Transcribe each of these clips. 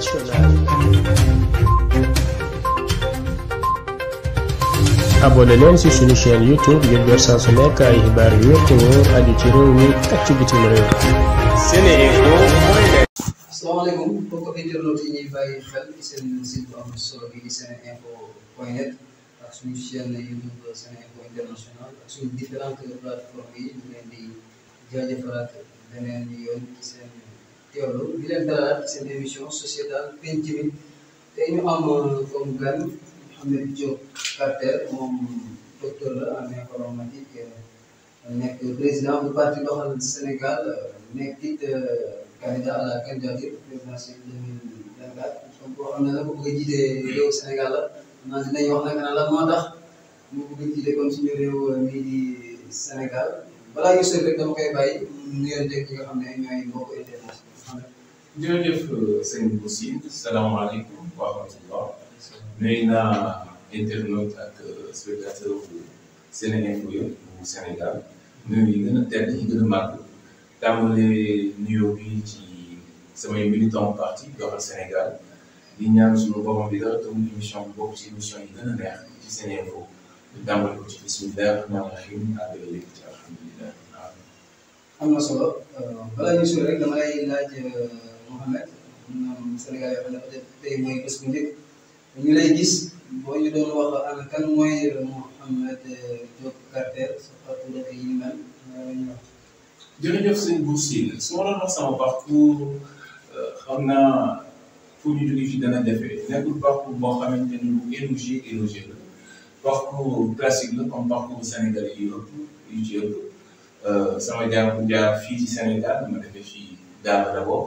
internationale. abonné leen ci suñu chaîne youtube ngir jot saa ay xibaar ci réew mi ak ci youtube Seneinfo international ak suñu teewlu di leen dalalaat seen émission sociétale penc mi te ñu am comme gan Mouhamed Diop Carter moom docteur la en informatique nekk président bu parti doxal Sénégal nekk it euh, candidat à la candidature présidentielle 2024 donc boo xam ne la ko bëgg a jiite réew Sénégal la naa dinañ wax nag lan moo tax mu bëgg a jiite kon suñu réew mii di Sénégal balaa ñu sori rek dama koy bàyyi nuyoonteeg ñi nga xam ne ñooy mbokk jërëjëf sëñ Boussi salaamaaleykum wa rahmatullah nuyu naa internaute ak spectateur bu Sénéinfo bu Sénégal nuyu yi gën a tedd yi gën a màgg tàmbale nuyoo bi ci samay militant parti doxal Sénégal di ñaan suñu borom bi dara taw émission bi bokk ci émission yi gën a neex ci Sénéinfo tàmbale ko ci bismillah rahmaan rahim ak lépp ci alhamdulilah am na solo balaa ñu sori rek dama lay laaj Mouhamed ñoom Sénégal yoo xam ne dafa def tey lay gis boo ñu doon wax ana kan mooy Mouhamed eh, Diop Carter surtout dëkk yi ñu naan ñu wax. jërëjëf sëñ sama parcours eh, xam naa pour ñu jógee fi dana jafe nekkul parcours boo xamante ni bu éloigé éloigé la parcours la comme parcours sénégalais yi yëpp yu ci ëpp eh, sama jaar bu jaar fii ci Sénégal ma defee fii Daara d'abord.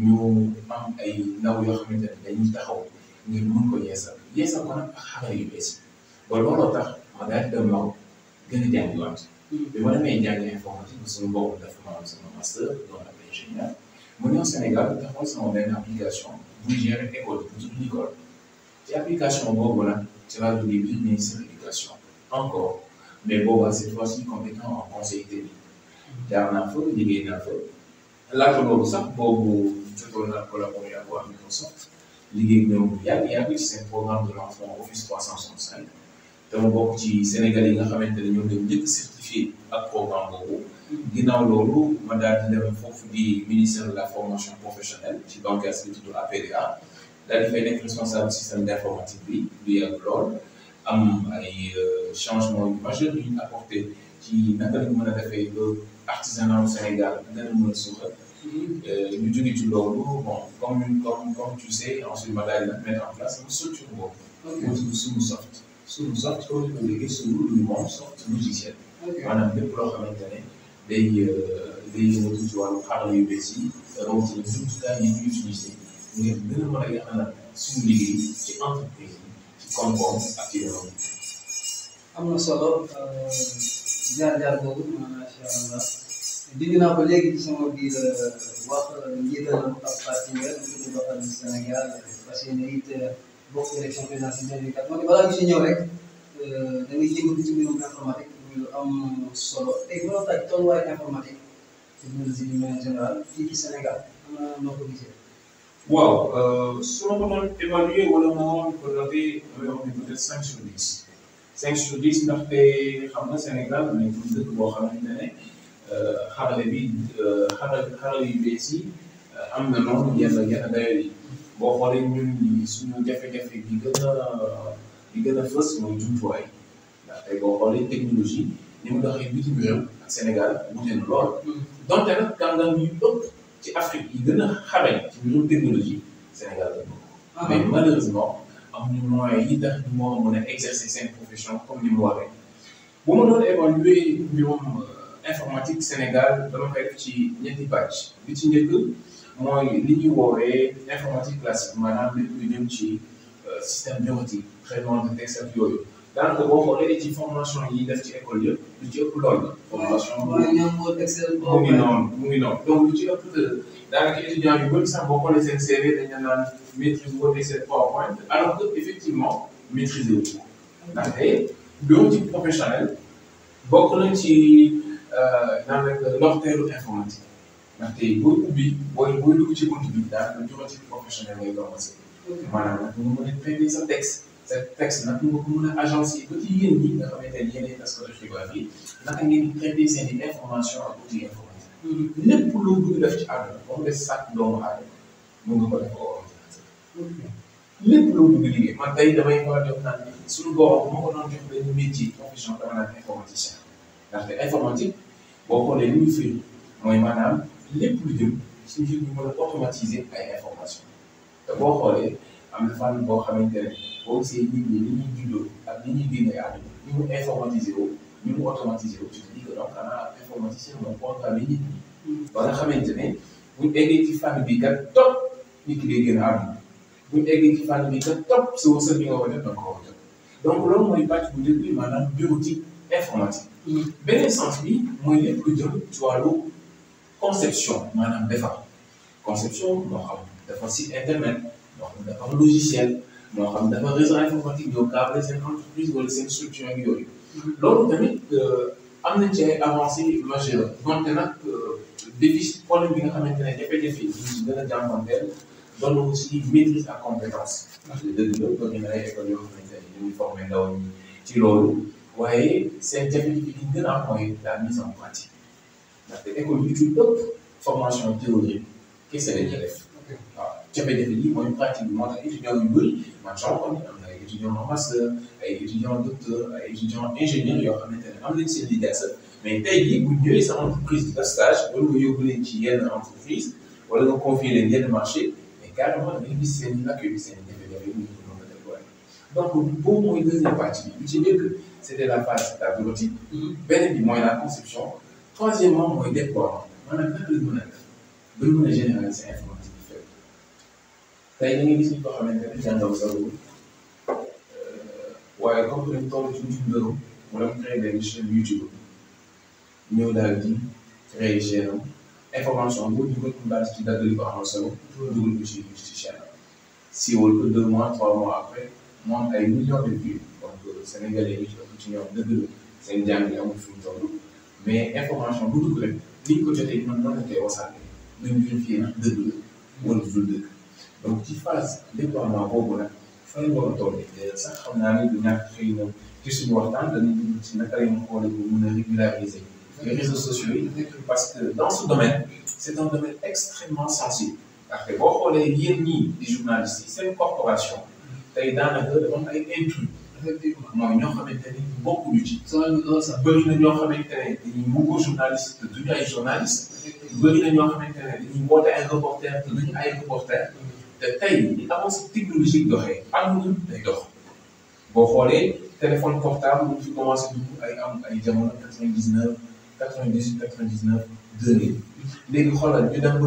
ñu am ay ndaw yoo xamante ne dañuy taxaw ngir mën ko yeesal yeesal ko nag ak xarala yu bees ba looloo ma daal gën a jàngiwaat hmm. bi ma demee jàngi informatique suñu bopp dafa ma am sama master doon ak ingénieur mu ñëw Sénégal taxawal sama benn application bu gérer école bu tudd Nicole ci application boobu nag ci laa duggee biir ministère de l'éducation encore mais boobaa cette fois-ci compétent en conseil technique hmm. jaar naa fa liggéey naa fa laata boobu jotoon naa collaborer ak Microsoft liggéey ak ñoom yàgg yàgg seen programme de l' office 365 dama bokk ci Sénégal yi nga xamante ne ñoom dañu njëkk certifié ak programme boobu. ginnaaw loolu ma daal di foofu di ministère de la formation professionnelle ci bancaire bi tudd APDA daal di fay nekk responsable système d' informatique bi du lool am ay euh, changement yu majeur ci naka la ñu mën a defee ba artisanat Sénégal dana mën Euh, ñu jóge ci loolu bon comme tu sais ensuite ma daal di mettre en place une structure boobu. ok soft. suñu soft comme ni ko déggee suñu xamante ne day euh, day yëngatu ci wàllu xarala yu bees yi. rawatina jumtukaay yi ñuy utiliser ngir gën a mën a yaxanal suñu liggéey ci entreprise ci koom-koom ak ci yoon. am na solo euh, jaar-jaar boobu dégg naa ko léegi ci sama biir euh, wax euh, njiital ab parti nga ñu bokkal Sénégal parce que it euh, bokk élection présidentielle bi kat man balaa ñu si ñëw rek da ngay yëngatu ci mbirum informatique muy lu am solo tey bu la laaj tolluwaay informatique technologie bi en général fii waaw su ma ko doon évaluer wala moo ko dafay wax ne peut être cinq sur dix cinq sur dix ndaxte xam nga Sénégal nekk dëkk boo xamante ne. xarale bi xarale xarale yu bees yi am na noonu yenn yenn dayoo yi boo xoolee ñun suñu jafe-jafe bi gën gën a fës mooy jumtuwaay ndax tey boo xoolee technologie ni mu doxee bitim réew ak Sénégal wute na lool mm. donte nag yu ëpp ci Afrique yi gën a xarañ ci mbirum technologie Sénégal la bokk. Ah. mais malheureusement amuñu yi tax ñu moo mën a exercer seen profession comme ni mu waree bu ma doon évaluer mbirum. informatique Sénégal dama koy def ci ñetti bi ci njëkk mooy li ñuy woowee informatique classique maanaam lu jëm ci euh, système bureautique traitement de texte ak yooyu daanaka boo xoolee ci formation yi def ci école yëpp lu ci ëpp loolu formation donc lu ci ëpp daanaka étudiant yu bëri sax boo xoolee seen naan maîtrise woo texte effectivement maîtriser wu ndaxte bureautique professionnel bokk na ci daanaka euh, ndorteelu euh, informatique ndaxte booy ubbi booy booy dugg ci bunt bi daanaka juróomi professionnel lay doon parce que maanaam nag nga mën a prévenir sa texte sa texte nag nga ko mën a agence yi ba ci yéen ñi nga xamante ne yéen ay taskatu xibaar yi naka ngeen di traité seen i information ak outil informatique mm-hmm. lépp loo bëgg def ci àdduna ba mu des sàkk doomu aadama mën nga ko def ko ordinateur mm-hmm. lépp loo bëgg liggéey man tey damay faral di wax naan suñu borom moo ko doon jox benn métier profession dama naan informaticien ndaxte informatique boo xoolee li muy firi mooy maanaam lépp lu jëm ci ngir ñu mën ay information te boo xoolee am na fan boo xamante ne boo gisee nit ñi ni ñuy juddoo ak ni ñuy génnee mu informatiser wu ñu mu automatiser wu ci lii donc xanaa informaticien moom kontaan nit ñi ba nga xamante ne buñ eggee ci fànn bi kat topp nit ki day gën a àdduna buñ eggee ci fànn bi kat topp sa wërsëg bi nga war a def da nga a def donc loolu mooy pàcc bu njëkk bi maanaam bureautique informatique Mm-hmm. beneen sens bi mooy lépp lu jëm ci wàllu conception maanaam defar conception moo xam dafa site internet moo xam dafa logiciel moo xam dafa réseau informatique ñoo câble seen entreprise wala seen structure ak yooyu mm-hmm. loolu tamit euh, am nañ ci ay avancées majeures donte nag euh, défi problème bi nga xamante ne jafe-jafe yi ñu gën a jàmbanteel doon aussi maîtrise ak compétence parce que dëgg la bëri na ay ci loolu waaye seen jafe a am mooy la mise en pratique ndaxte école bi ci ëpp formation théorie kese la ñuy def waaw jafe-jafe mooy pratique bi moo tax am na ay étudiants en master ay étudiants docteur ay étudiants ingénieurs am nañ seen liggéey mais tey jii bu ñëwee sa entreprise de stage wala nga yóbbu leen ci yenn entreprise wala nga confier leen yenn marché mais carrément dañu gis seen i lakk yu seen i jafe-jafe yi ñu ko mën a def donc boobu mooy deuxième partie bi ci njëkk. c'était la phase tableautique. Mm-hmm. beneen bi mooy la conception. troisièmement mooy déploiement maanaam lan la ñu mën a def ba ñu a généraliser informatique bi fépp. tey da ngay gis ñu ko xamante ne jàngaw sa loolu euh, waaye comme que dañ toll ci njublu wala mu créé benn chaîne YouTube ñëw daal di créé chaîne am information boo dugal daal ci dagg li ko amal solo dugal mois trois mois après mu am ay millions de vues. donc euh, sénégalais yi ci ëpp ci dëgg seen jàng yi amul fi mu mais information bu dugg rek ni ñu ko jotee man noonu la koy wasaare nañ vérifier dëgg la wala du dëgg donc ci phase déploiement boobu na fan la war a sax xam naa ne du ñàkk xëy na ci suñu waxtaan dañuy dugg ci naka la ñu xoolee mun a régulariser les réseaux sociaux yi parce que dans ce domaine c' est un domaine extrêmement sensible ndaxte boo xoolee yéen ñii di effectivement mooy ñoo xamante ni bokkuñu ci. sax bëri na ñoo xamante ne dañuy wugo journaliste te duñu ay journaliste. bëri na ñoo xamante ne dañuy ay reporter te duñu ay reporter. te tey li avancé technologique doxee am na day dox boo xoolee téléphone portable mu fi commencé dugg ay am ay jamono quatre vingt dix neuf quatre vingt dix huit quatre vingt dix neuf deux léegi xoolal ñu dem ba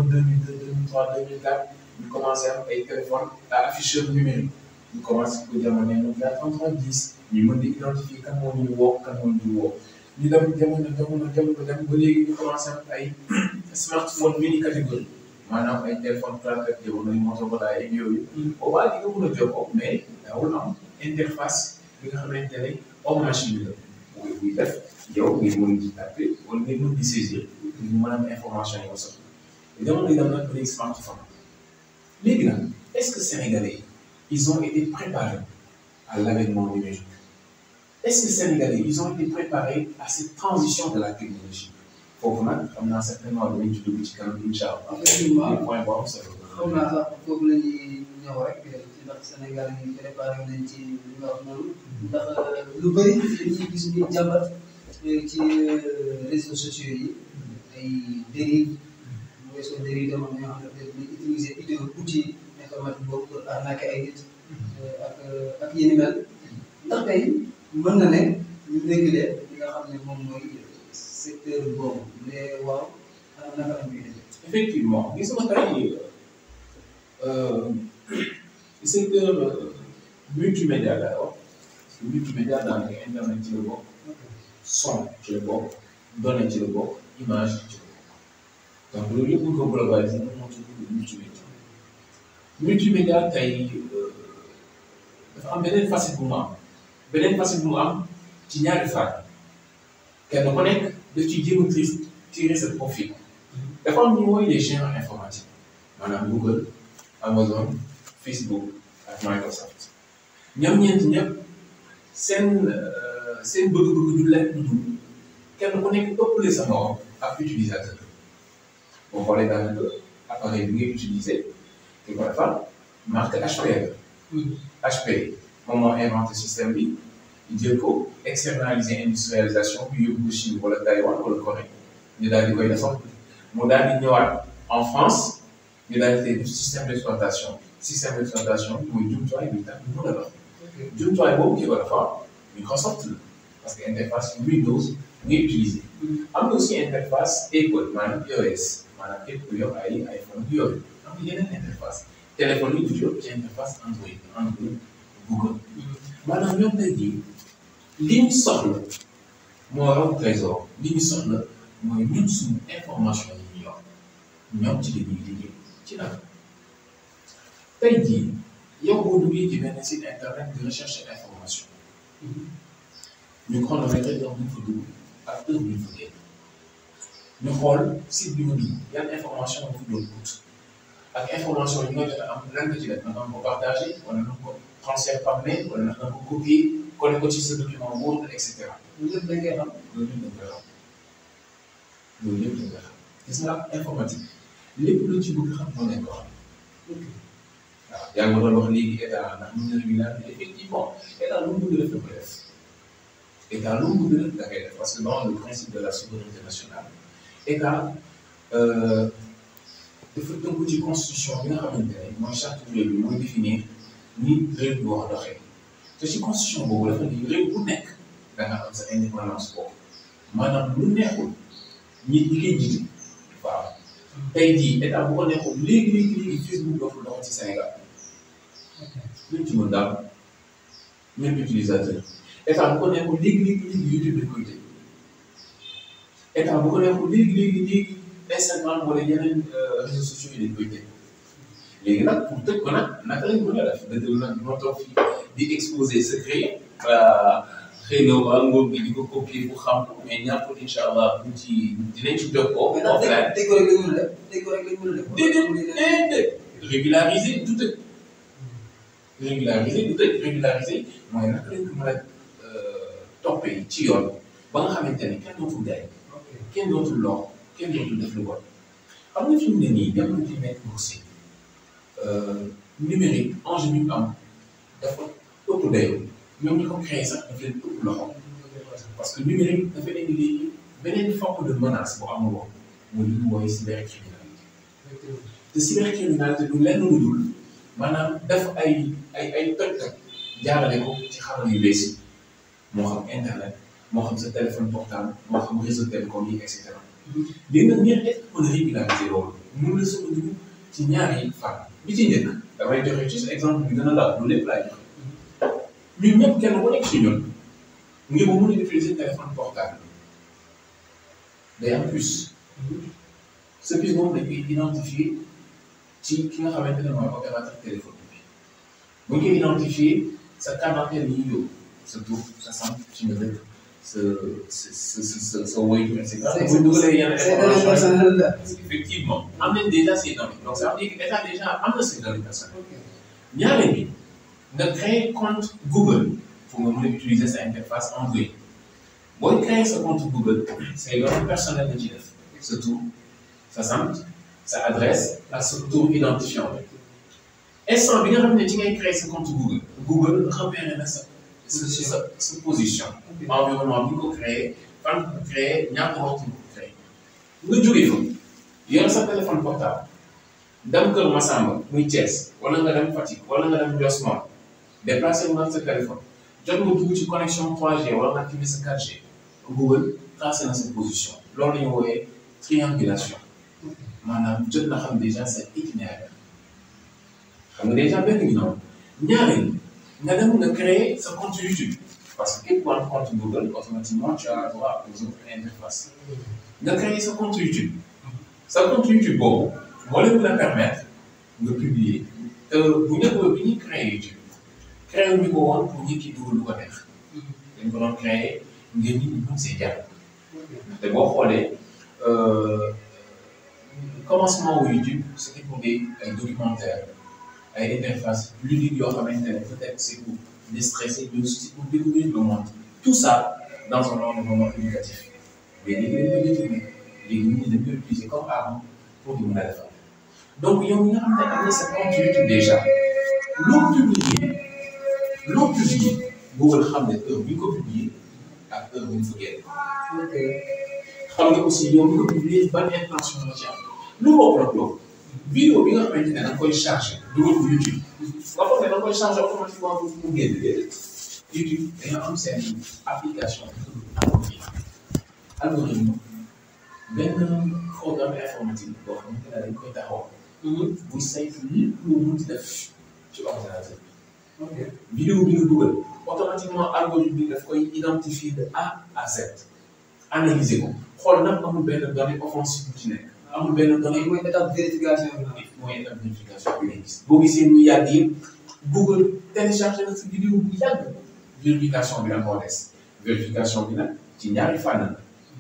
trois deux mille quatre ñu commencé ay téléphone à afficheur numérique ñu commencé ko jamono yi ñoom vers 70 ñu mën di identifier kan moo ñu woo kan moo ñu woo ñu dem jamono jamono jamono dem ba léegi ñu commencé am ay smartphone mini catégorie maanaam ay téléphone claque ak jamono yi Motorola ak yooyu. boobaa di nga mën a jokkoo mais daawul am interface bi nga xamante ne hors machine la mooy buy def yow nga mën di taper wala nga mën di saisir pour mën a am information yoo soxla jamono yi dem nag ba léegi smartphone léegi nag est-ce que sénégalais yi. ils ont été préparés à l'avènement numérique. Est-ce que ils ont été préparés à cette transition de la technologie foofu nag xam naa certainement dinañ ci dugg ci kanam incha allah. effectivement point bu am solo. xam naa sax foofu la ñuy ñëw rek euh, ndax Sénégal yi préparé nañ ci li nga wax noonu ndax euh, lu bëri dañuy gis ñu jàmbat euh, ci réseaux sociaux yi ay dérives mooy soo dérive dama ñoo xam ne dañuy utiliser idée outil tomate boobu pour arnaquer ay nit. Euh, ak euh, ak yi ni mel. ndax tey mën na ne ñu réguler li nga xam ne moom mooy secteur boobu mais waaw naka la ñuy def. effectivement gis nga tey euh, secteur multimédia la wax multimédia daanaka internet ci la bokk. son ci la bokk données ci la bokk image ci la bokk donc loolu yëpp pour que globaliser moom moo ci multimédia. multimédia tey dafa am beneen facette mu am beneen facette mu am ci ñaari faat kenn ku nekk daf ciy jéem a tirer sa profit dafa am ñu mooy les géants informatiques maanaam Google Amazon Facebook ak Microsoft ñoom ñeent ñëpp seen euh, seen bëgg-bëgg du lekk du dul kenn nekk ëppale sa morom ak utilisateur boo xoolee daanaka appareil bi ngay utiliser. di ko defar marque HP la. Mm-hmm. HP moom moo inventé système bi jël industrialisation bi yóbbu ko wala Taïwan wala Corée ñu daal di koy defar mu daal di ñëwaat en France ñu daal di tey système d' exploitation système d' exploitation bi mooy jumtuwaay bi mu la dox. jumtuwaay boobu ki ko defar Microsoft la parce que interface Windows ngay utiliser. Mm-hmm. am na aussi interface Apple maanaam iOS maanaam képp ku yor ay iPhone yooyu. yeneen interface téléphone yi toujours ci interface Android Android Google maanaam ñoom tey jii li ñu soxla moo raw trésor li ñu mooy ñun suñu information yi ñu yor ñoom ci li ñuy liggéey ci nag tey jii yow boo duggee ci benn site internet di recherche information ñu chronomètre heure bu ñu ak heure bu ñu fa génn ñu bi mu dugg yan information bu ñu ak information yi a am lan nga ci def nga ko partagé wala nga ko transfert par mail wala nga ko copier collé ko sa document Word et cetera loolu yëpp da ngay xam loolu yëpp da nga xam loolu yëpp da nga xam gis nga informatique lépp lu ci bëgg xam mën nañ ko xam waaw yaa ngi doon wax léegi état ndax mën na ñu naan effectivement état lu mu bëgg def da koy def état lu mu bëgg def da koy def parce que dans le principe de dafa tënku ci constitution bi nga xamante ne mooy charte réew bi mooy définir ni réew bi wax te ci constitution boobu dafa ni réew bu nekk da nga am sa indépendance boobu maanaam lu neexul nit ñi koy jiitu waaw tey jii état bu ko neexul léegi léegi léegi Facebook dootul doxal ci Sénégal luñ ci mën daal même utilisateur état bu ko neexul léegi léegi léegi YouTube dañ koy tëj état bu ko neexul léegi léegi Instagram wala yeneen réseaux sociaux yi dañ koy tëj léegi nag pour tëj ko nag naka lañ mën a def dëgg di exposé secret xëy na waa Ngom bi di ko copier bu xam mais ñàkkul incha allah buñ ci dinañ ci jox ko. mais nag dégg rek lañ mën a dégg rek lañ mën a def. régulariser du tëj régulariser du tëj régulariser mooy naka lañ ko mën a euh, toppee ci yoon ba nga xamante kenn dootul def lu bon xam nga fi mu ne nii dem na ci nekk aussi euh, numérique enjeu bi mu am dafa ëpp dayoo ñoom ñi ko créé sax daf leen loxo parce que numérique dafa indi léegi beneen forme de menace bu amul woon mooy li ñu woowee cybercriminalité te cybercriminalité du lenn lu dul maanaam def ay ay ay toj jaarale ko ci xarala yu bees moo xam internet moo xam sa téléphone portable moo xam réseau télécom yi léegi nag ñun ñëpp mën a régulariser loolu mën na sukkandiku ci ñaari fànn bi ci njëkk damay joxe juste exemple bi gën a lu lépp laay joxe ñun ñëpp kenn ku nekk si ñun ngir mu mën a utiliser téléphone portable day am puce sa puce boobu dañ koy identifier ci ki nga xamante ne mooy opérateur téléphone bi bu ñu koy identifier sa carte d'identité la ñuy yóbbu sa tur sa sant ci nga dëkk. sa sa sa sa wóytu etc. bu dugalee yenn information yi effectivement am nañ déjà ces données donc ça veut dire que état déjà am na ces données personnelles. ñaareel bi nga créé compte Google pour nga mën a utiliser sa interface Android booy créé sa compte Google say données personnelles nga ci def sa tur sa sant sa adresse ak sa tur identifiant bi instant bi nga xam ne ci ngay créé sa compte Google Google repéré na sa. sa sa position. environnement bi ñu ko créé fan ko créé ñaata waxtu ko créé. nga jógee fa sa téléphone portable dem Kër Masamba muy Thiès wala nga dem Fatick wala nga dem Josmor déplacé wu sa téléphone jot nga dugg ci connexion 3 wala nga activé sa 4G Google tracé na sa position loolu la ñu wooyee triangulation maanaam jot na xam déjà sa itinéraire xam déjà benn gi noonu ñaareel. nga dem nga créer sa compte YouTube parce que képp ku am compte Google automatiquement tu as droit aux nga créer sa compte YouTube sa compte YouTube boobu moo leen la permettre nga publier bu njëkk bi ñuy créer YouTube créé wu ñu ko woon pour nit ki dugal lu ko neex créer ngeen ñu mën see jàpp te boo xoolee euh, commencement wu YouTube c'était pour des ay documentaires. ay interfaces ludiques yoo xamante ne peut-être c'est pour déstresser mais aussi pour découvrir le monde tout ça dans un environnement éducatif mais léegi dañ koy détourné léegi nit ñi dañ koy utiliser comme arme pour di mën a defar donc yow mi nga xam ne am na sa compte YouTube déjà loo publié loo publié Google xam ne heure bi ñu ko publié ak heure bu ñu fa génn. xam nga aussi yow mi ko publié ban intention la ci am lu ko war a vidéo bi nga xamante ne da nga koy chargé dugal ko YouTube ne da koy chargé automatiquement pour mu génn déedéet YouTube dañoo am seen application algorithme benn programme informatique boo ne dañ koy taxaw. buy mu munti def ci ordinateur bi. ok vidéo bi nga dugal automatiquement algorithme bi daf koy identifier de A à Z analyser ko xool nag amul amul benn données yi mooy étape vérification bi nga mooy étape vérification bi ngay gis boo gisee muy yàgg yëpp Google téléchargé na si vidéo bu yàgg vérification bi nag moo des vérification bi nag ci ñaari fànn la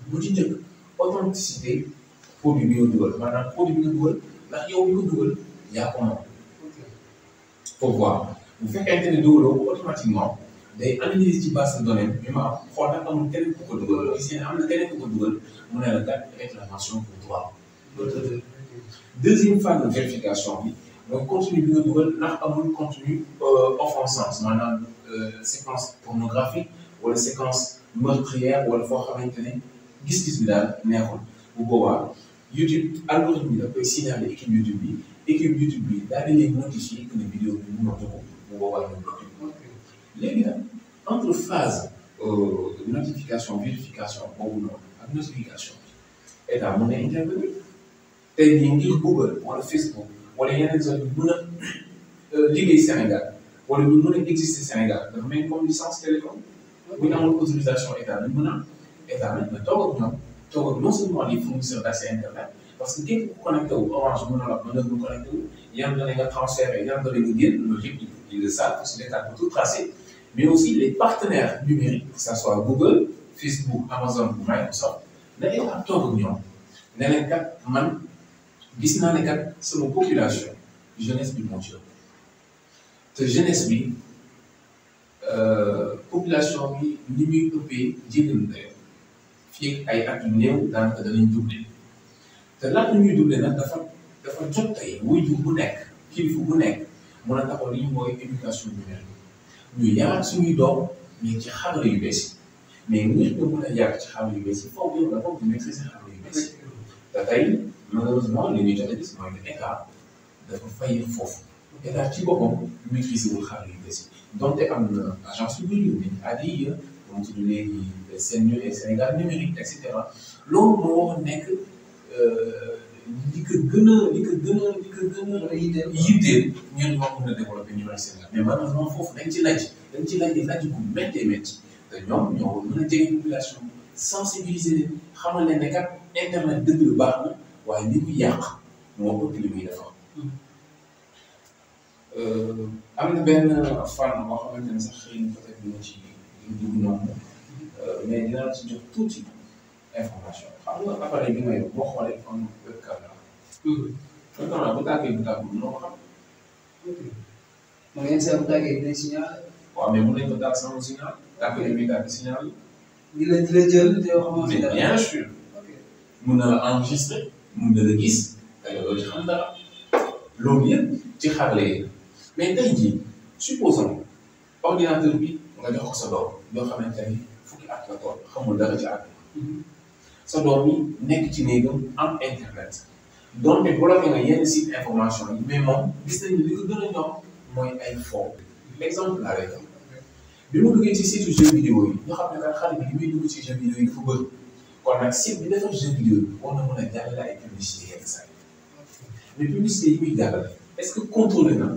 bu ci njëkk authenticité produit bi nga dugal maanaam produit bi nga dugal ndax yow mi ko dugal yaa ko moom foofu waaw bu fekkente ne dugaloo ko automatiquement day analyse ci base de données bi ma xool nag amul keneen ku ko dugal wala seen am na keneen ku ko dugal mu ne la kat réclamation pour droit deuxième phase de vérification bi mooy contenu bi nga dugal ndax amul contenu euh, offensant maanaam euh, séquence pornographique wala séquence meurtrière wala foo xamante ne gis-gis bi daal neexul bu boobaa YouTube algorithme bi da koy signaler YouTube bi daal di entre phase euh, notification vérification boobu noonu notification état mën na intervenir tey jii ngir Google wala Facebook wala yeneen zone yu mën a euh, liggéey Sénégal wala ñu mën a exister Sénégal dafa mel comme licence télécom bu ñu amoon autorisation état a état lañ mën a toog ak ñoom toog ak non seulement internet parce que képp ku a wu orange mën a la mën na lu connecté wu yan données nga transféré yan données nga génn loolu yëpp ils le savent parce que l'état peut tout tracer mais aussi les partenaires numériques que ça soit gis naa ne kat sama population jeunesse bi moo ci ëpp te jeunesse bi population bi ni muy ëppee jéggiin dayo fii ay at yu néew daanaka ñuy doublé nag dafa dafa jot tey waajur bu nekk kilifa bu nekk mën a taxaw li ñu mooy éducation numérique ñu yaat suñuy doom mais ci xarala yu bees yi mais ngir nga mën a yàgg ci xarala yu bees yi foofu yow dafa bokk nekk ci xarala te tey malheureusement li ñuy jot a gis mooy ne état dafa fay foofu état ci boppam maîtrise wul xaalis yu bees yi donte am agence yu bëri yu mel ni ADIE moom tudd léegi Senu Sénégal numérique et loolu moo nekk euh, li ko gën a li ko gën a li ko gën a yitteel ñun ñoo mën a développé ñu naan Sénégal mais malheureusement foofu dañ ci laaj dañ ci laaj laaj bu méttee métti te ñoom ñoo mën a jege population sensibiliser leen xamal leen ne kat internet lu baax na waaye li muy yàq moo ëpp li muy defar. Euh, am na benn fànn boo xamante ne sax xëy na peut-être dina ci dugg noonu euh, mais dinaa ci jox tuuti information xam signal. di la di la jël te yoo xamante ne bien sûr. mun na la enregistré mun gis loolu ci xam dara loolu yëpp ci xarale yi mais tey jii supposons ordinateur bi nga jox ko sa doom yoo xamante ni fukki at ci àdduna mhm. sa doom bi nekk ci néegam am internet donte bloqué nga yenn information yi mais moom gis nañu li ko gën mooy ay fo bi mu duggee ci site jeu vidéo yi nga xam ne kat xale bi li muy dugg ci jeu vidéo yi dafa bëri kon nag site bi defar jeu vidéo bi war na mën a jàllale ay publicité yenn saa mais publicité yi muy jàllale est-ce que contrôlé na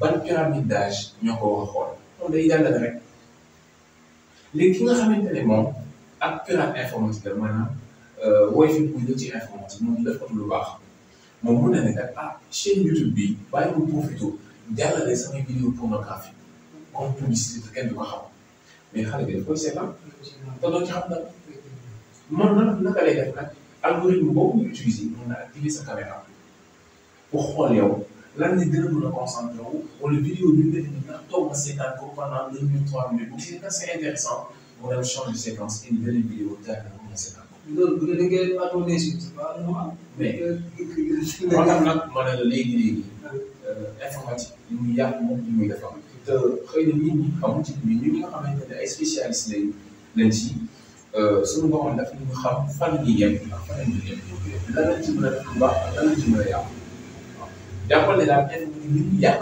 ban pyramide d'âge ñoo ko wax xool loolu day jàllale rek léegi ki nga xamante ne moom ak pirate informatique la euh, woy fi muy jël ci informatique moom def ko lu baax moom mun na ne kat ah chaîne YouTube bi bàyyi mu profité jàllale samay complicité te kenn du ko xam mais xale bi daf koy seetaan te doo ci man nag naka lay def boobu ñu utiliser mën na activer sa caméra bu xool yow lan la gën a mën a concentré wu wala vidéo bi nga indi ndax toog nga seetaan ko pendant deux minutes trois minutes bu fekkee c'est intéressant mu dem changer séquence indi beneen vidéo jaar na mën a seetaan ko. loolu bu dee da ngeen attendé si mais moo tax nag ma ne la léegi léegi euh, informatique li muy yàq moom li muy te xëy na nit ñi xamu ci mais ñun ñi nga xamante ne ay spécialiste lañ lañ ci euh, suñu borom daf ñu xam fan yi yem ak fan la ñuy yem lan a def lu baax lan lañ ci a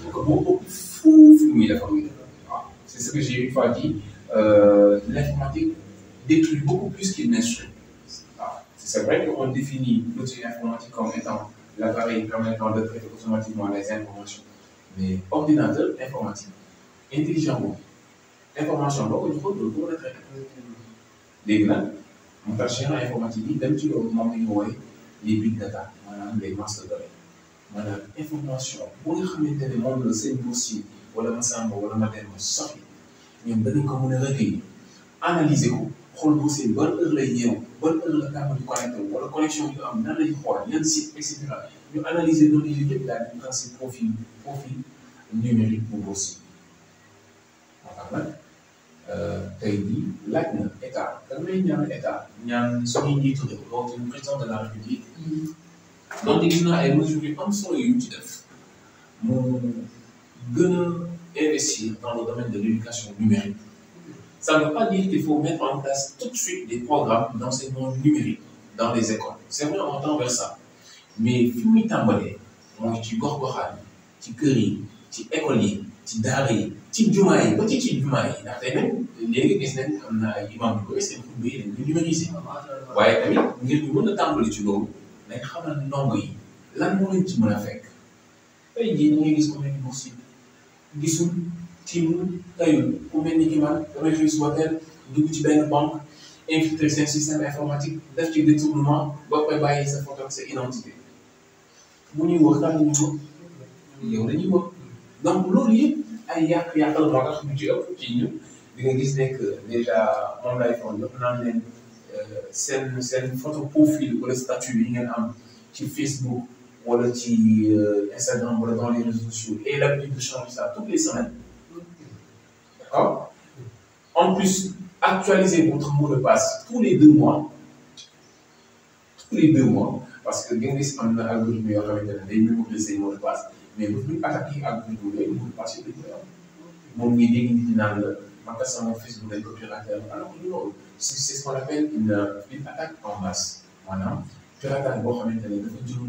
pour que boo ëpp fuuf lu muy defar waaw c'est ce que j'ai une dit euh, l'informatique détruit beaucoup plus qu'il n'instruit waaw c'est vrai qu'on définit l'outil informatique comme étant l'appareil permettant de traiter automatiquement les informations. mais ordinateur informatique intelligent boobu information boo ko joxoon loolu boo la traité. léegi nag mu tax champ informatique yi dem ci loolu moom la ñu woowee les big data maanaam les master données maanaam information boo nga xamante ne moom la seen dossier wala ma Samba wala ma Demba soxla ñoom danañ ko mën a recueillir analyser ko. xool dossier bi ban heure lay ñëw ban heure la tàmbali connecté wala connexion bi am nan la ñuy xool yan site et cetera ñu analyser données yooyu yëpp profil profil numérique bu dossier moo tax nag euh, tey jii laaj na état dañ lay ñaan état ñaan suñu njiitu réew loolu président de la république donc gis naa ay mesures yu am yu ci def mu gën a dans le domaine de l' numérique. Ça ne veut pas dire qu'il faut mettre en place tout de suite des programmes d'enseignement numérique dans les écoles. C'est vrai, on tend vers ci gox goxaan ci kër yi ci école yi ci daara yi ci jumaa yi ci ci jumaa yi ndax tey même léegi gis nañ am na ay imam yu bëri seen xutba yi ngir ñu mën a tàmbali ci loolu nañ xamal ndongo yi la moo leen ci mën a fekk tey jii da ngay tiim tayul ku mel ni ki man damay dugg ci benn banque infiltrer seen système informatique def ci détournement ba koy bàyyi sa photo ak sa identité bu ñuy wax tax ñu ko yow dañuy wax donc loolu yëpp ay yàq-yàq moo tax ñu ci ëpp ci ñu di nga gis nekk déjà moom lay foon dafa naan leen euh, seen seen photo profil wala statut yi ngeen am ci Facebook wala ci euh, Instagram wala dans les réseaux sociaux et l'habitude de changer ça toutes les semaines D'accord En plus, actualisez votre mot de passe tous les deux mois. Tous les deux mois. Parce que Genghis am na algorithme yoo xamante ne day mémoriser mot de passe mais bu ñu attaqué algorithme de passe yooyu dañ koy am moom ngi dégg nit ñi naan la man kat alors que loolu c'est ce qu'on appelle une attaque en masse maanaam piratage boo xamante ne dafa jëloon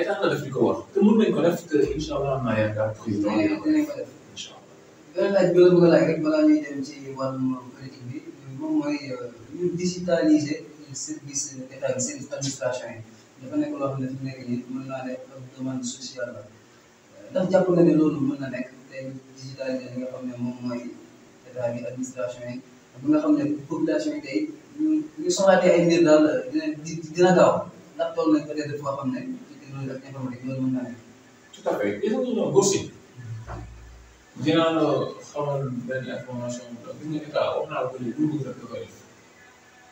état na def ñu ko wax te mën nañ ko def te incha allah am naa yaakaar président dina a laaj rek balaa ñuy dem ci wàllum moom mooy ñu service état bi service administration yi dafa nekk loo xam ne nekk nii mën naa ne ne loolu mën na nekk tey nga xam moom mooy état bi administration yi bi nga xam ne population yi tey ñu ñu ay dina dina gaaw ndax toll nañ peut-être foo xam ne. tout à fait il faut que ñu gosi dinaa la xamal benn information bi nga état wax naa la ko léegi lu rek da koy def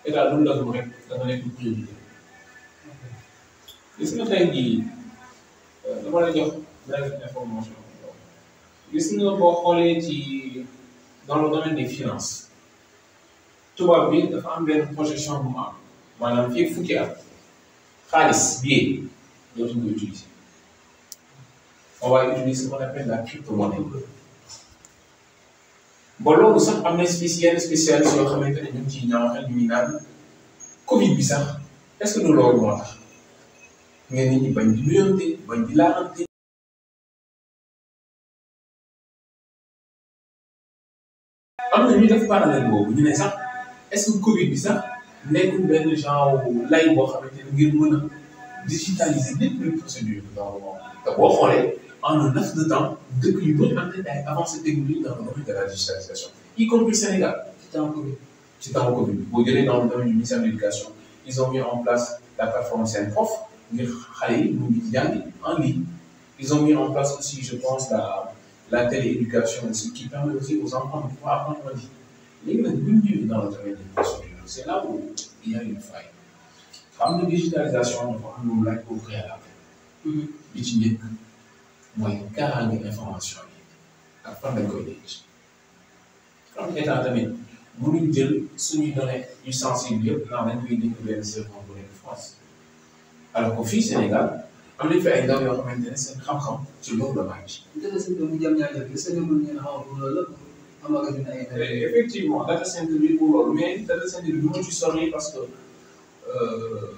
état lu mu rek dafa nekk priorité gis nga tey jii dama la jox benn information gis nga boo xoolee ci dans le domaine des finances tubaab bi dafa am benn projection bu mu am maanaam fii fukki at xaalis bii dootuñu ko utiliser on va utiliser ce qu'on appelle la crypto-monnaie ba loolu sax am na yenn spécialistes yoo xamante ne ñu ngi ciy ñaaw xel ñu Covid bi sax est que du loolu moo tax ngeen nit ñi bañ di nuyonte bañ di laalante am na ñu def parallèle boobu ñu ne sax est que Covid bi sax nekkul benn genre lay boo xamante ne ngir mën a. digitaliser lépp luy procédure dans le monde te boo xoolee en un laps de temps dëkk yu bëri am dans le domaine de la digitalisation y compris Sénégal ci temps Covid ci temps Covid boo jëlee dans le domaine ils ont mis en place la plateforme Sen Prof ngir xale yi en ligne ils ont mis en place aussi je pense la télééducation qui permet aussi enfants de pouvoir apprendre en ligne léegi nag dans le domaine des procédures c'est là où il y a une xam nga digitalisation dafa am lu laaj au préalable mm-hmm. bi ci njëkk mooy kaaraange information yi ak fan lañ koy denc xam état tamit mënuñ jël suñuy yu sensible yëpp naan dañ koy dénk benn serveur bu nekk France alors que fii Sénégal am nañ fi ay ndaw yoo xamante ne seen xam-xam ci loolu la màcc. dëgg sa doom jam ñaar yëpp est la am ak ay euh, effectivement data center bi pour que Euh,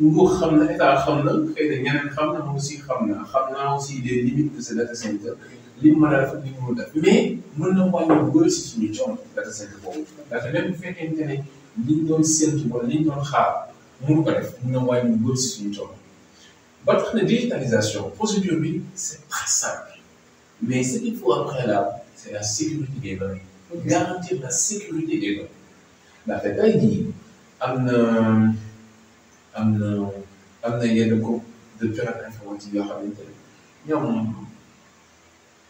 nguur xam na état xam na xëy na ñeneen xam na aussi xam na xam naa aussi les limites de data center li mu mën a def ak li mu a def mais mën na wàññi lu bëri si suñu coono data center boobu ndaxte même bu fekkente ne liñ doon séntu wala xaar mënu ko def na wàññi lu bëri si suñu coono ba na digitalisation procédure bi c'est très simple mais ce qu'il faut après là c'est la sécurité des données. garantir la sécurité des données ndaxte tey jii. am na am na am na yenn groupe de pirates informatiques yoo xamante ne ñoom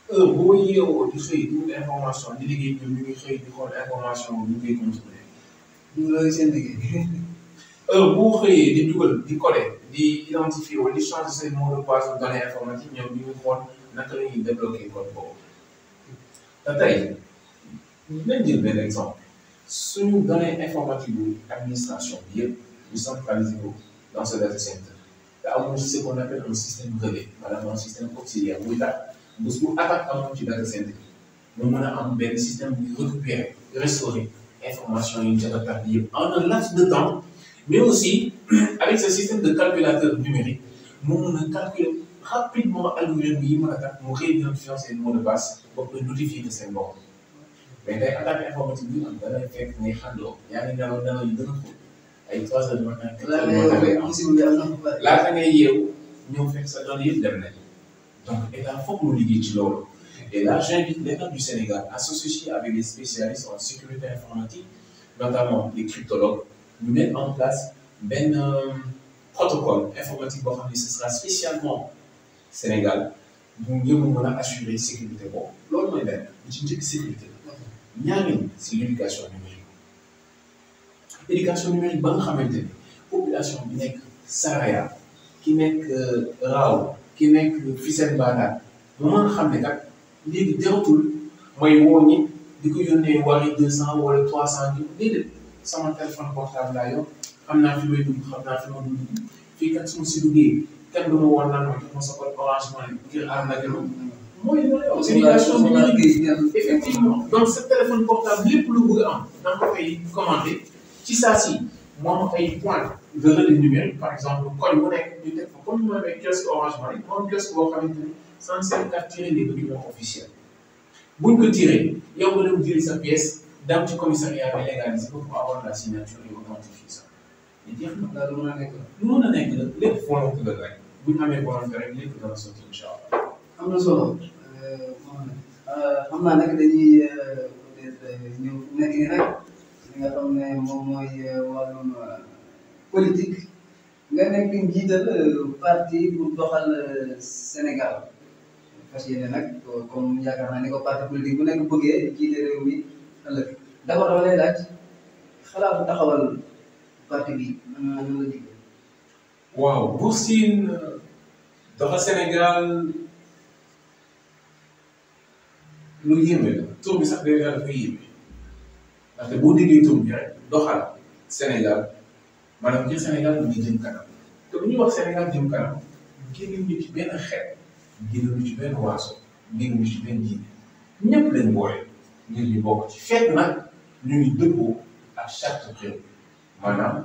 heure boo yeewoo di xëy di wut information di liggéey ñoom ñu ngi xëy di xool information bi ñu koy contrôlé loolu seen liggéey heure boo xëyee di dugal di collé di identifier wala di changer seen mot de passe données informatique ñoom ñu ngi xool naka la ñuy débloqué code boobu te tey nañ jël benn exemple. suñu données informatique bi administration bi yëpp ñu centraliser dans ce data center te amul ce qu'on un système relais maanaam un système auxiliaire buy tax bés bu attaque amoon ci data center bi a système buy récupérer information yi a perdre yëpp en un laps de temps mais aussi avec ce système de calculateur numérique mu mën a rapidement algorithme yi mën a tax mu réidentifier seen mot de passe ba pare notifier seen mais tey attaque informatique bi am dana fekk ngay xandoo yaa ngi nelaw nelaw yu gën a xóot ay trois heures du matin laata ngay yeewu ñëw fekk sa doon yëpp dem nañu donc état foog mu liggéey ci notamment les cryptologues ñu mettre en place benn euh, protocole informatique boo xam ce sera spécialement Sénégal bu ñëpp mën a assurer sécurité boobu loolu mooy benn bu ci njëkk sécurité ñaareel si l'éducation numérique éducation numérique ba nga xamante ne population bi nekk Saraya ki nekk euh, Raaw ki nekk Fissel Mbadane mu mën a xam ne kat léegi jaratul mooy woo di ko yónnee wari deux cent wala trois cent ñu déedéet sama téléphone portable laa yor xam naa fi may dugg xam naa fi ma dugg fii kat su si duggee kenn du ma woon naan ma jox ma sa code orange money ngir ànd ak mooy autorisation bi ñu liggéey effectivement donc sa téléphone portable lépp lu bëgg a am da nga koy ci sa si moom ay point de relais numérique par exemple koñ bu nekk ñu teg ko comme ni ma amee kiosque Orange Money moom kiosque boo xamante ni cent cinquante tiré les documents buñ ko tiré yow nga dem jëli sa pièce ci commissariat bi légalisé ko pour avoir la signature et authentifier ça mais jeex na daal lu mën a nekk la lu mën a nekk la la rek buñ amee volonté rek am na solo xam naa nag dañuy euh, nekk nii rek li nga xam ne moom mooy euh, wàllum euh, politique nga nekk njiital parti bu doxal Sénégal fas yéene nag comme yaakaar naa ni ko parti politique bu nekk bëggee jiite réew mi xalaat bu taxawal parti bi nan la waaw Buur Sine doxal Sénégal. lu yéeme la tur bi sax déjà dafa yéeme ndaxte boo déggee tur doxal Sénégal maanaam ngir Sénégal mu ngi jëm kanam te bu wax Sénégal jëm kanam génn ñu ci benn xeet na ñu ci benn waaso génn ñu ci benn diine ñëpp lañ boole ngir ñu bokk ci fekk nag ñu ngi dëppoo ak charte réew maanaam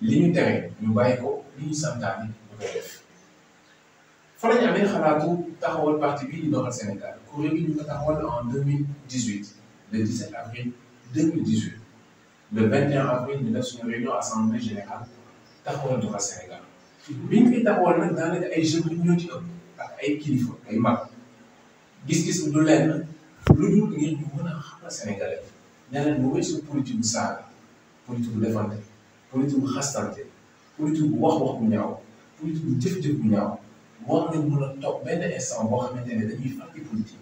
li ñu tere ñu li ñu santaane ñu koy parti bii di doxal Sénégal. kuréel gi ñu ko taxawal en deux mille dix huit le 17 avril deux mille dix huit le 21 avril ñu def suñu réunion assemblée générale taxawal Doxa Sénégal bi ñu koy taxawal nag ay jeunes yu ñoo ay kilifa ay mag gis-gis du lenn lu dul ngeen ñu mën a xamal sénégalais nee nañ bu weesu politique bu saaga politique bu defante politique wax-wax bu ñaaw politique bu jëf-jëf bu ñaaw war nañ mën a toog benn instant boo xamante ne dañuy fàtte politique.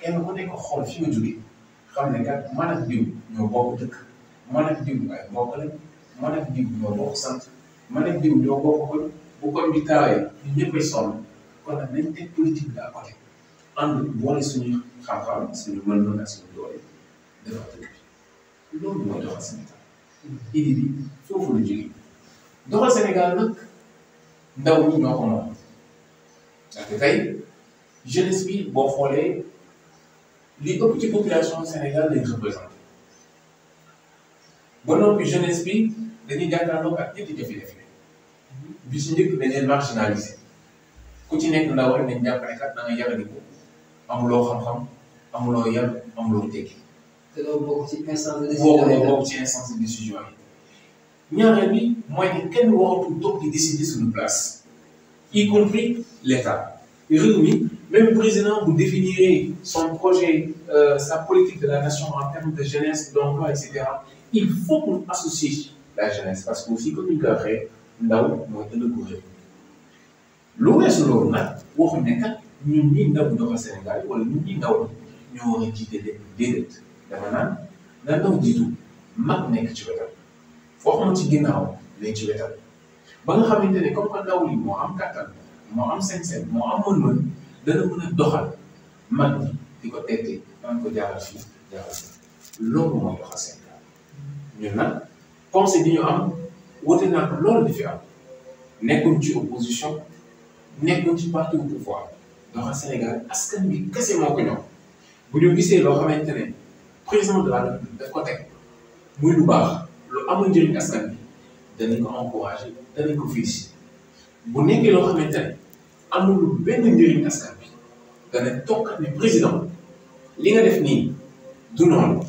kenn ku nekk xool fi nga jóge xam ne kat man ak diw ñoo bokk dëkk man ak diw ay mbokk lañ man ñoo bokk sant man ak diw ñoo bokk kon bu koñ taawee ñu ñëppay sonn kon nag nañ teg politique bi à côté ànd boole suñu xam-xam suñu mën-mën ak suñu doole defar dëkk loolu mooy doxal Sénégal idée bi foofu la jógee doxal Sénégal nag ndaw ñi ñoo ko moom ndaxte boo xoolee li ëpp ci population Sénégal lañ représenté ba noppi jeunesse bi dañuy jàkkaarloo ak ñetti jafe-jafe bi ci njëkk dañ leen marginalisé ku ci nekk ndaw rek dañ jàpp ne kat da nga yàgg ko amuloo xam-xam amuloo yar amuloo tekki. te loolu bokk ci instance de décision bokk ci instance de décision yi. ñaareel bi mooy ne kenn waxatul toog di décider suñu place y compris l' état mi. même président bu définirez son projet euh, sa politique de la nation en termes de jeunesse d'emploi et cetera il faut qu'on associe la jeunesse parce que aussi comme ni ñu ko waxee ndaw mooy ëllëgu réew lu weesu loolu nag waxuñ ne kat ñun ñii ndaw Sénégal wala ñun ñii ndaw ñoo war a jiite lépp déedéet dama naan na ndaw jiitu mag ci wetam waxuma ci ginnaaw mais ci wetam ba nga xamante ne comme que ndaw li moo am kattan moo am sañ-sañ moo am mën dana mën a doxal mag ñi di ko tegti naan ko jaaral fii loolu mooy doxal Sénégal ñun nag conseil bi ñu am wote loolu di fi am ci opposition nekkuñ ci parti au pouvoir doxal Sénégal askan bi kese moo ko ñoom bu ñu gisee loo xamante ne président daf ko teg muy lu baax lu amul njëriñ askan bi danañ ko encouragé danañ ko félicité bu nekkee loo xamante ne amul benn njëriñ askan dana tokkat ne président li nga def nii du noonu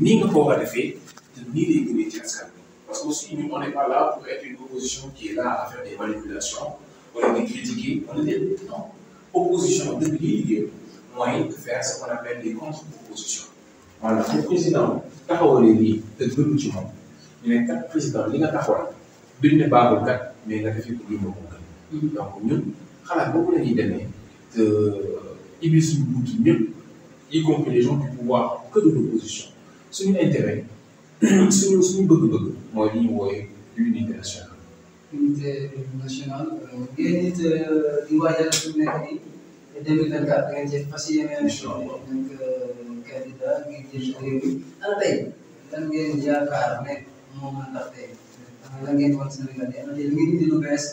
nii nga ko a defee te nii lay gënee ci askan bi parce que aussi ñun on n'est là pour être une opposition qui est là à faire des manipulations wala di critiquer wala déedéet non opposition dëgg liy liggéey mooy faire ce qu'on des contre-propositions voilà le président li nga taxawal duñ ne baaxul kat mais nga defee ko lii moo ko gën mm-hmm. donc ñun xalaat boobu la ñuy demee te ubbi suñu bunt ñëpp y compris les gens du pouvoir que de l'opposition suñu intérêt suñu suñu bëgg-bëgg mooy li ñu wooyee unité nationale. unité nationale ngeen nit di waajal su nekk nii 2024 ngeen cee fas yéene donc euh, candidat ngeen jël réew mi ana tey lan ngeen yaakaar ne moom la tax tey lan ngeen wan Sénégal yi ana tey lu ngeen indi lu bees.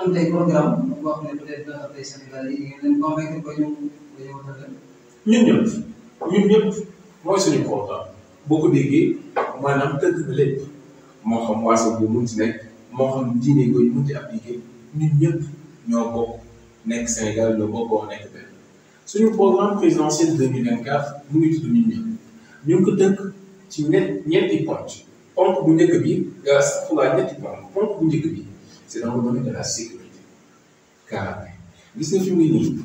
am tey programme boo xam ne peut être tey Sénégal yi ngeen leen convaincre ba ñun ñëpp ñun ñëpp mooy suñu programme boo ko déggee maanaam tënk na lépp moo xam waaso boo mun ci nekk moo xam diine googu mun ci appliqué ñun ñëpp ñoo bokk nekk Sénégal ñoo bokk boo nekk benn suñu programme présidentiel 2024 mu ngi tudd ñun ñëpp ñu ngi ko ci ñetti ñetti ponk ponk bu njëkk bi gas xulaa ñetti ponk ponk bu njëkk bi. c'est dans le domaine de la sécurité carrément gis nii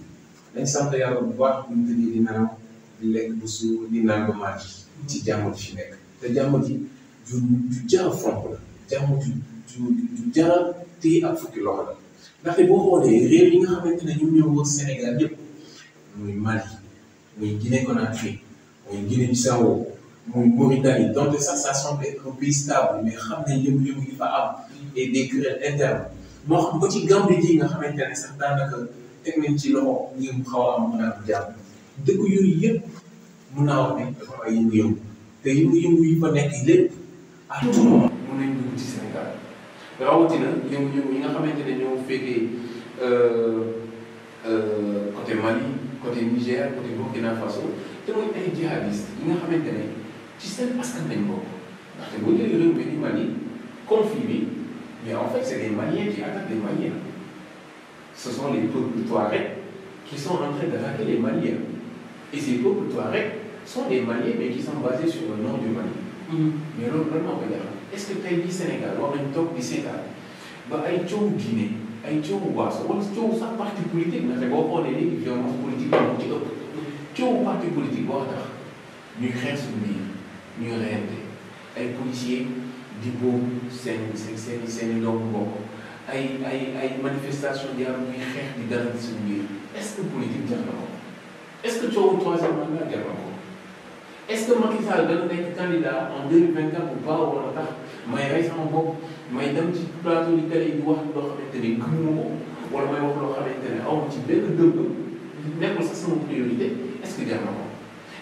dañ sant yàlla bu baax bu ñu tëddee di naan lekk bu suur di naan ba màcc ci jàmm ji fi nekk te jàmm ji du du jar la jàmm ju du du ak fukki loxo la ndaxte boo xoolee réew yi nga xamante ne ñoom ñoo wër Sénégal yëpp muy Mali muy Guinée Conakry muy Guinée Bissau muy Mauritanie donc ça ça semble être un pays stable mais xam ne yëngu-yëngu yi fa am. et des querelles moo xam ba ci Gambie ji nga xamante ne sax daanaka teg nañ ci loxo ngir mu xaw a dëkk yooyu yëpp mun naa wax ne dafa ay yëngu-yëngu te yëngu-yëngu nekk lépp à tout moment mun nañ dugg ci Sénégal rawatina yëngu-yëngu yi nga xamante ne ñoo fekkee euh, euh, côté Mali côté Niger côté Burkina Faso te mooy ay jihadiste nga xamante ne ci seen askan lañ bokk ndaxte boo jëlee réew mi ni Mali conflit Mais en fait, c'est les Maliens qui attaquent les Maliens. Ce sont les peuples Touaregs qui sont en train d'attaquer les Maliens. Et ces peuples Touaregs sont des Maliens, mais qui sont basés sur le nom du Mali. Mm-hmm. mais loolu vraiment regarde est-ce que tey di seetaan ba ay coow diine ay coow waaso wala coow sax parti politique nga te boo xoolee léegi violence politique moo ci ëpp mm-hmm. coow parti politique boo tax ñuy xeex suñu biir ñuy reyante ay policiers. di boobu seen seen seen seen i doomu ay ay ay manifestation di am ñuy xeex di dalal suñu biir est-ce que politique jar na ko est-ce que coowu troisième mandat jar na ko est-ce que Macky Sall dana nekk candidat tax may rey sama bopp may dem ci plateau di télé di wax loo xamante ni gëmuma ko wala may wax loo xamante ne aw ci benn gëm-gëm nekkul sax sama priorité est-ce que jar na ko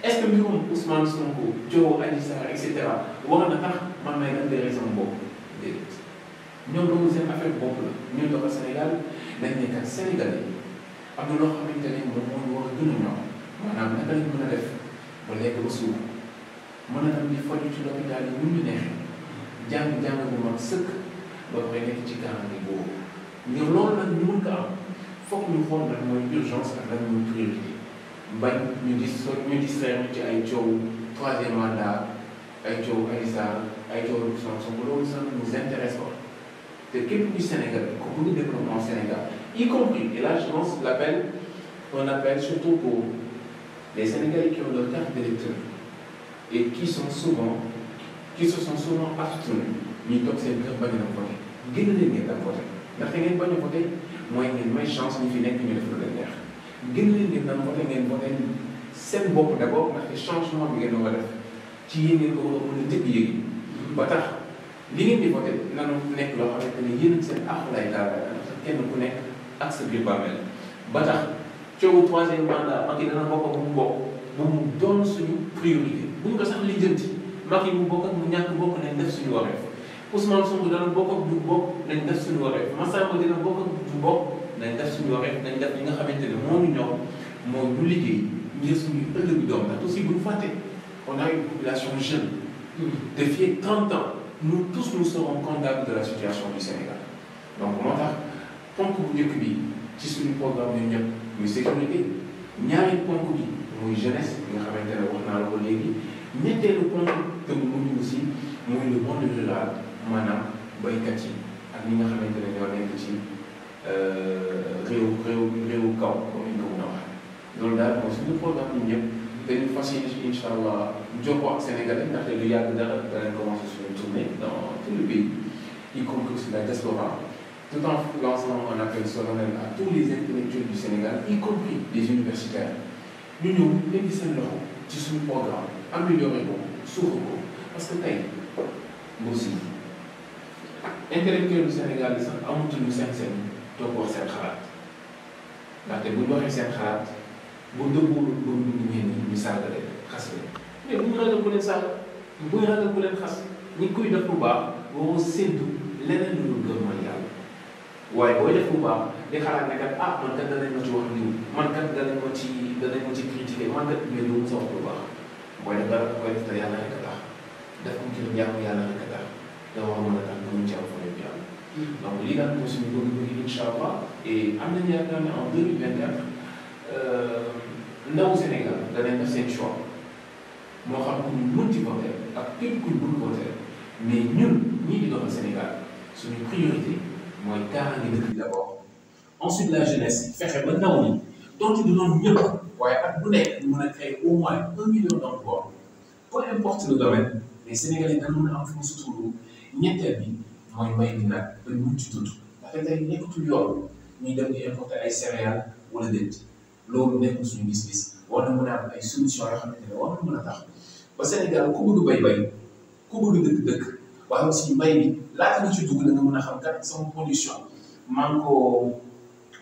est-ce que mbirum Ousmane Sonko Diow Adji Sarr et cetera war na tax. man may intérêt sama bopp déedéet ñoom loolu seen affaire bopp la ñun dafa Sénégal dañ nekk ak Sénégalais am na loo xamante ne moom moo ñu war a gën a ñor maanaam naka lañ mën a def ba lekk ba suuf mën a am di faju ci lopitaan yi ñu neexee jàng jàng bu mag sëkk ba pare nekk ci garanti boobu ngir loolu nag ñu mën ko am foog ñu xool nag mooy urgence ak lan mooy priorité bañ ñu di so ñu distraire ci ay coow troisième mandat. ay coow Adji Sarr ay coow Ousmane Sonko loolu ça ne nous te képp du Sénégal ku bëgg développement Sénégal y compris et là je lance on appelle surtout pour les Sénégalais qui ont leur carte d'électeur et qui sont souvent qui se sont souvent abstenus ñu toog seen kër bañ a voté gën a leen ngeen daan voté ndaxte ngeen bañ a voté mooy ngeen may chance ñu fi nekk ñu def lu leen neex gën a leen ngeen daan voté ngeen voté seen bopp d'abord ndaxte changement bi ngeen doon def. ci yéen ngeen ko a njëkk yëg ba tax li ngeen di voté nanu nekk loo xamante ne yéen seen àqu lay daal kenn ku nekk ak sa biir bàmmeel ba tax coowu troisième mandat Macky dana bokk ak mu bokk suñu priorité buñ ko sax lijjanti Macky mu bokk ak mu ñàkk bokk nañ def suñu wareef Ousmane Sonko dana bokk ak du bokk nañ def suñu wareef Massamba dina bokk ak du bokk nañ def suñu wareef nañ def li nga xamante ne moo ñu ñor moo liggéey ngir suñu ëllëgu doom ndax aussi buñ fàtte on a une population jeune. te fii 30 ans nous tous nous serons comptables de la situation du Sénégal. donc moo tax ponk bu njëkk bi ci suñu programme ñun ñëpp muy sécurité ñaari ponk bi muy jeunesse nga xamante ne wax naa la ko léegi mu mujj aussi muy le monde rural maanaam bai yi ak ñi nga xamante ne ñoo nekk ci euh, réew kaw comme ko mën a waxee loolu daal mooy programme ñun dañu fas yéene incha allah ñu jokkoo ak Sénégalais ndaxte lu yàgg dara danañ commencé suñu tournée dans tout le pays y compris sur la diaspora tout en lançant un appel solennel à tous les intellectuels du Sénégal y compris les universitaires ñu ñëw indi seen loxo ci suñu programme amélioré ko suuxu ko parce que tey bourse yi intellectuel du Sénégal bi sax amatuñu seen seen toog wax seen xalaat ndaxte bu ñu waxee seen xalaat. boo dëggoon ba mu ñëwee nii ñu saaga leen xas leen mais bu ñu ragal bu leen saaga bu ñu ragal bu leen xas ñi ngi koy def lu baax boo séntu leneen lu dul gëm mooy yàlla waaye booy def lu baax di xalaat ne kat ah man kat danañ ma ci wax nii man kat danañ ma ci danañ ma ci critiqué man kat mais loolu sa wax lu baax booy def dara koy def te yàlla rek a tax def ko ngir njàmm yàlla rek a tax da war a mën a tax nga mën ci am fa ñu jàmm hmm. donc lii daal mooy suñu bëgg-bëgg incha allah et am nañu yaakaar ne en 2021 Euh, ndaw Sénégal danañ def seen choix moo xam ku ñu munti voté ak képp ku ñu mun mais ñun ñii di doxal Sénégal suñu priorité mooy kaaraange dëkk bi d'abord ensuite la jeunesse waaye at bu nekk ñu mën a créer au moins un million d'emplois peu importe le domaine mais Sénégalais dañ mën a am fu mu suturu ñetteel bi mooy mbay mi nag ba ñu mun ci dund ndaxte tey nekkatul yoon ñuy dem di importer ay céréales wala déet. loolu nekkul suñu gis-gis war na mën a am ay solution yoo xamante ne war na mën a tax ba Sénégal ku bëgg bay bay ku bëgg dëkk-dëkk waaye aussi mbay mi laata nga ci dugg da nga mën a xam kat sama condition maa ngi ko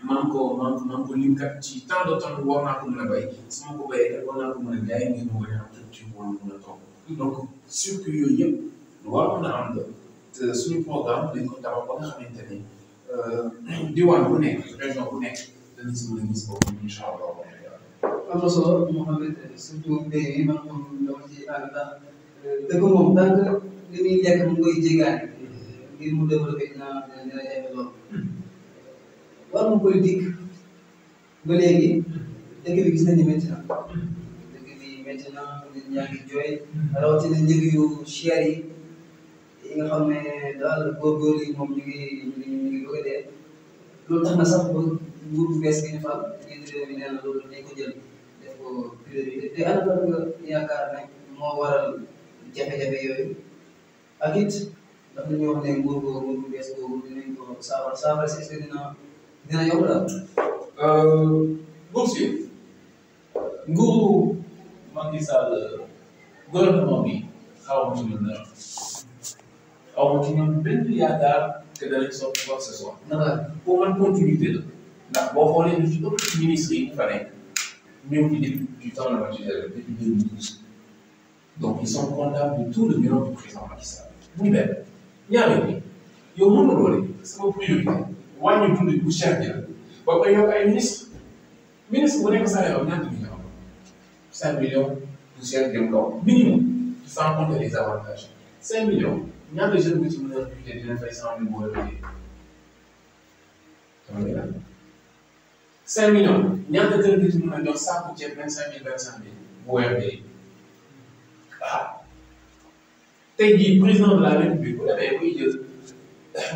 maa ngi ko maa ngi ko lim kat ci tant de temps war naa ko mën a bay su ma ko bayee kat war naa ko mën a jaay ngir mu bañ a am tëb ci wala mën a toog donc surtout yooyu yëpp lu war mën a am la te suñu programme dañ ko tabax ba nga xamante ne euh, diwaan bu nekk région bu nekk. danañ si mën a gis bopp bi incha allah. am na solo Mouhamed surtout mbéy mi man moom dama ci ànd moom tant que li muy lekk mu ngi koy jégaane ngir mu développé dinaa dina jafe lool. wàllum politique ba léegi dëkk bi gis nañu métti na dëkk bi métti yu cher yi yi nga xam daal góorgóorlu moom ñu ngi ñu ngi ñu a dee loolu tax na sax ba. nguur bu bees gi ñu fal ngeen réew mi nee na ko jël def ko priorité te ana lan nga yaakaar ne moo waral jafe-jafe yooyu ak it ndax li ñuy wax ne nguur boobu nguur bu bees boobu dinañ ko saafara saafara si est-ce euh, que dina ndax boo xoolee lu ci ëpp ci ministre yi fa nekk ñoom ñu déglu du temps de Macky Sall depuis 2012 donc ils sont comptables de tout le bilan du président Macky Sall muy benn ñaareel bi yow mën na loole sama priorité wàññi dund bu cher bi la ba pare yow ay ministre ministre bu nekk salaire am ñaata million cinq millions bu cher jëm kaw minimum sans compter les avantages cinq millions ñaata jeune bu ci mën a sen dina fay cent mille boo recruter cinq millions ñaata kër gi mën a jox saaku ceeb vingt cinq mille vingt cinq weer dee waaw ah. tey jii président de la république bu demee buy jël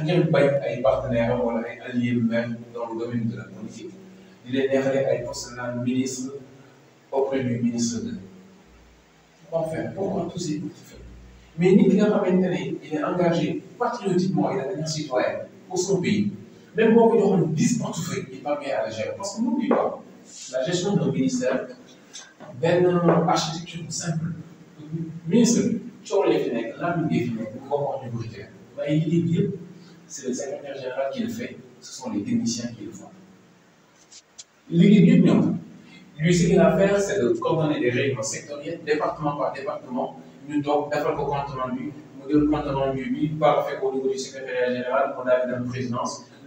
ngeen bay ay partenaires wala ay alliés même dans le de la politique di leen neexalee ay postes ministre auprès du ministre de enfin pourquoi tous ces petits faits mais nit ki nga xamante ne il est engagé patriotiquement et de manière citoyenne pour son pays même boo ko joxoon dix portefeuilles il va bien à parce que n'oublie pas la gestion d'un ministère benn euh, architecture simple ministre bi coow la la fi c'est le secrétaire général qui fait ce sont les techniciens qui le font liggéey bi yëpp ñoom lui ce qu'il a de coordonner des département par département ñu toog defal fait au niveau du secrétariat général mu daal di dem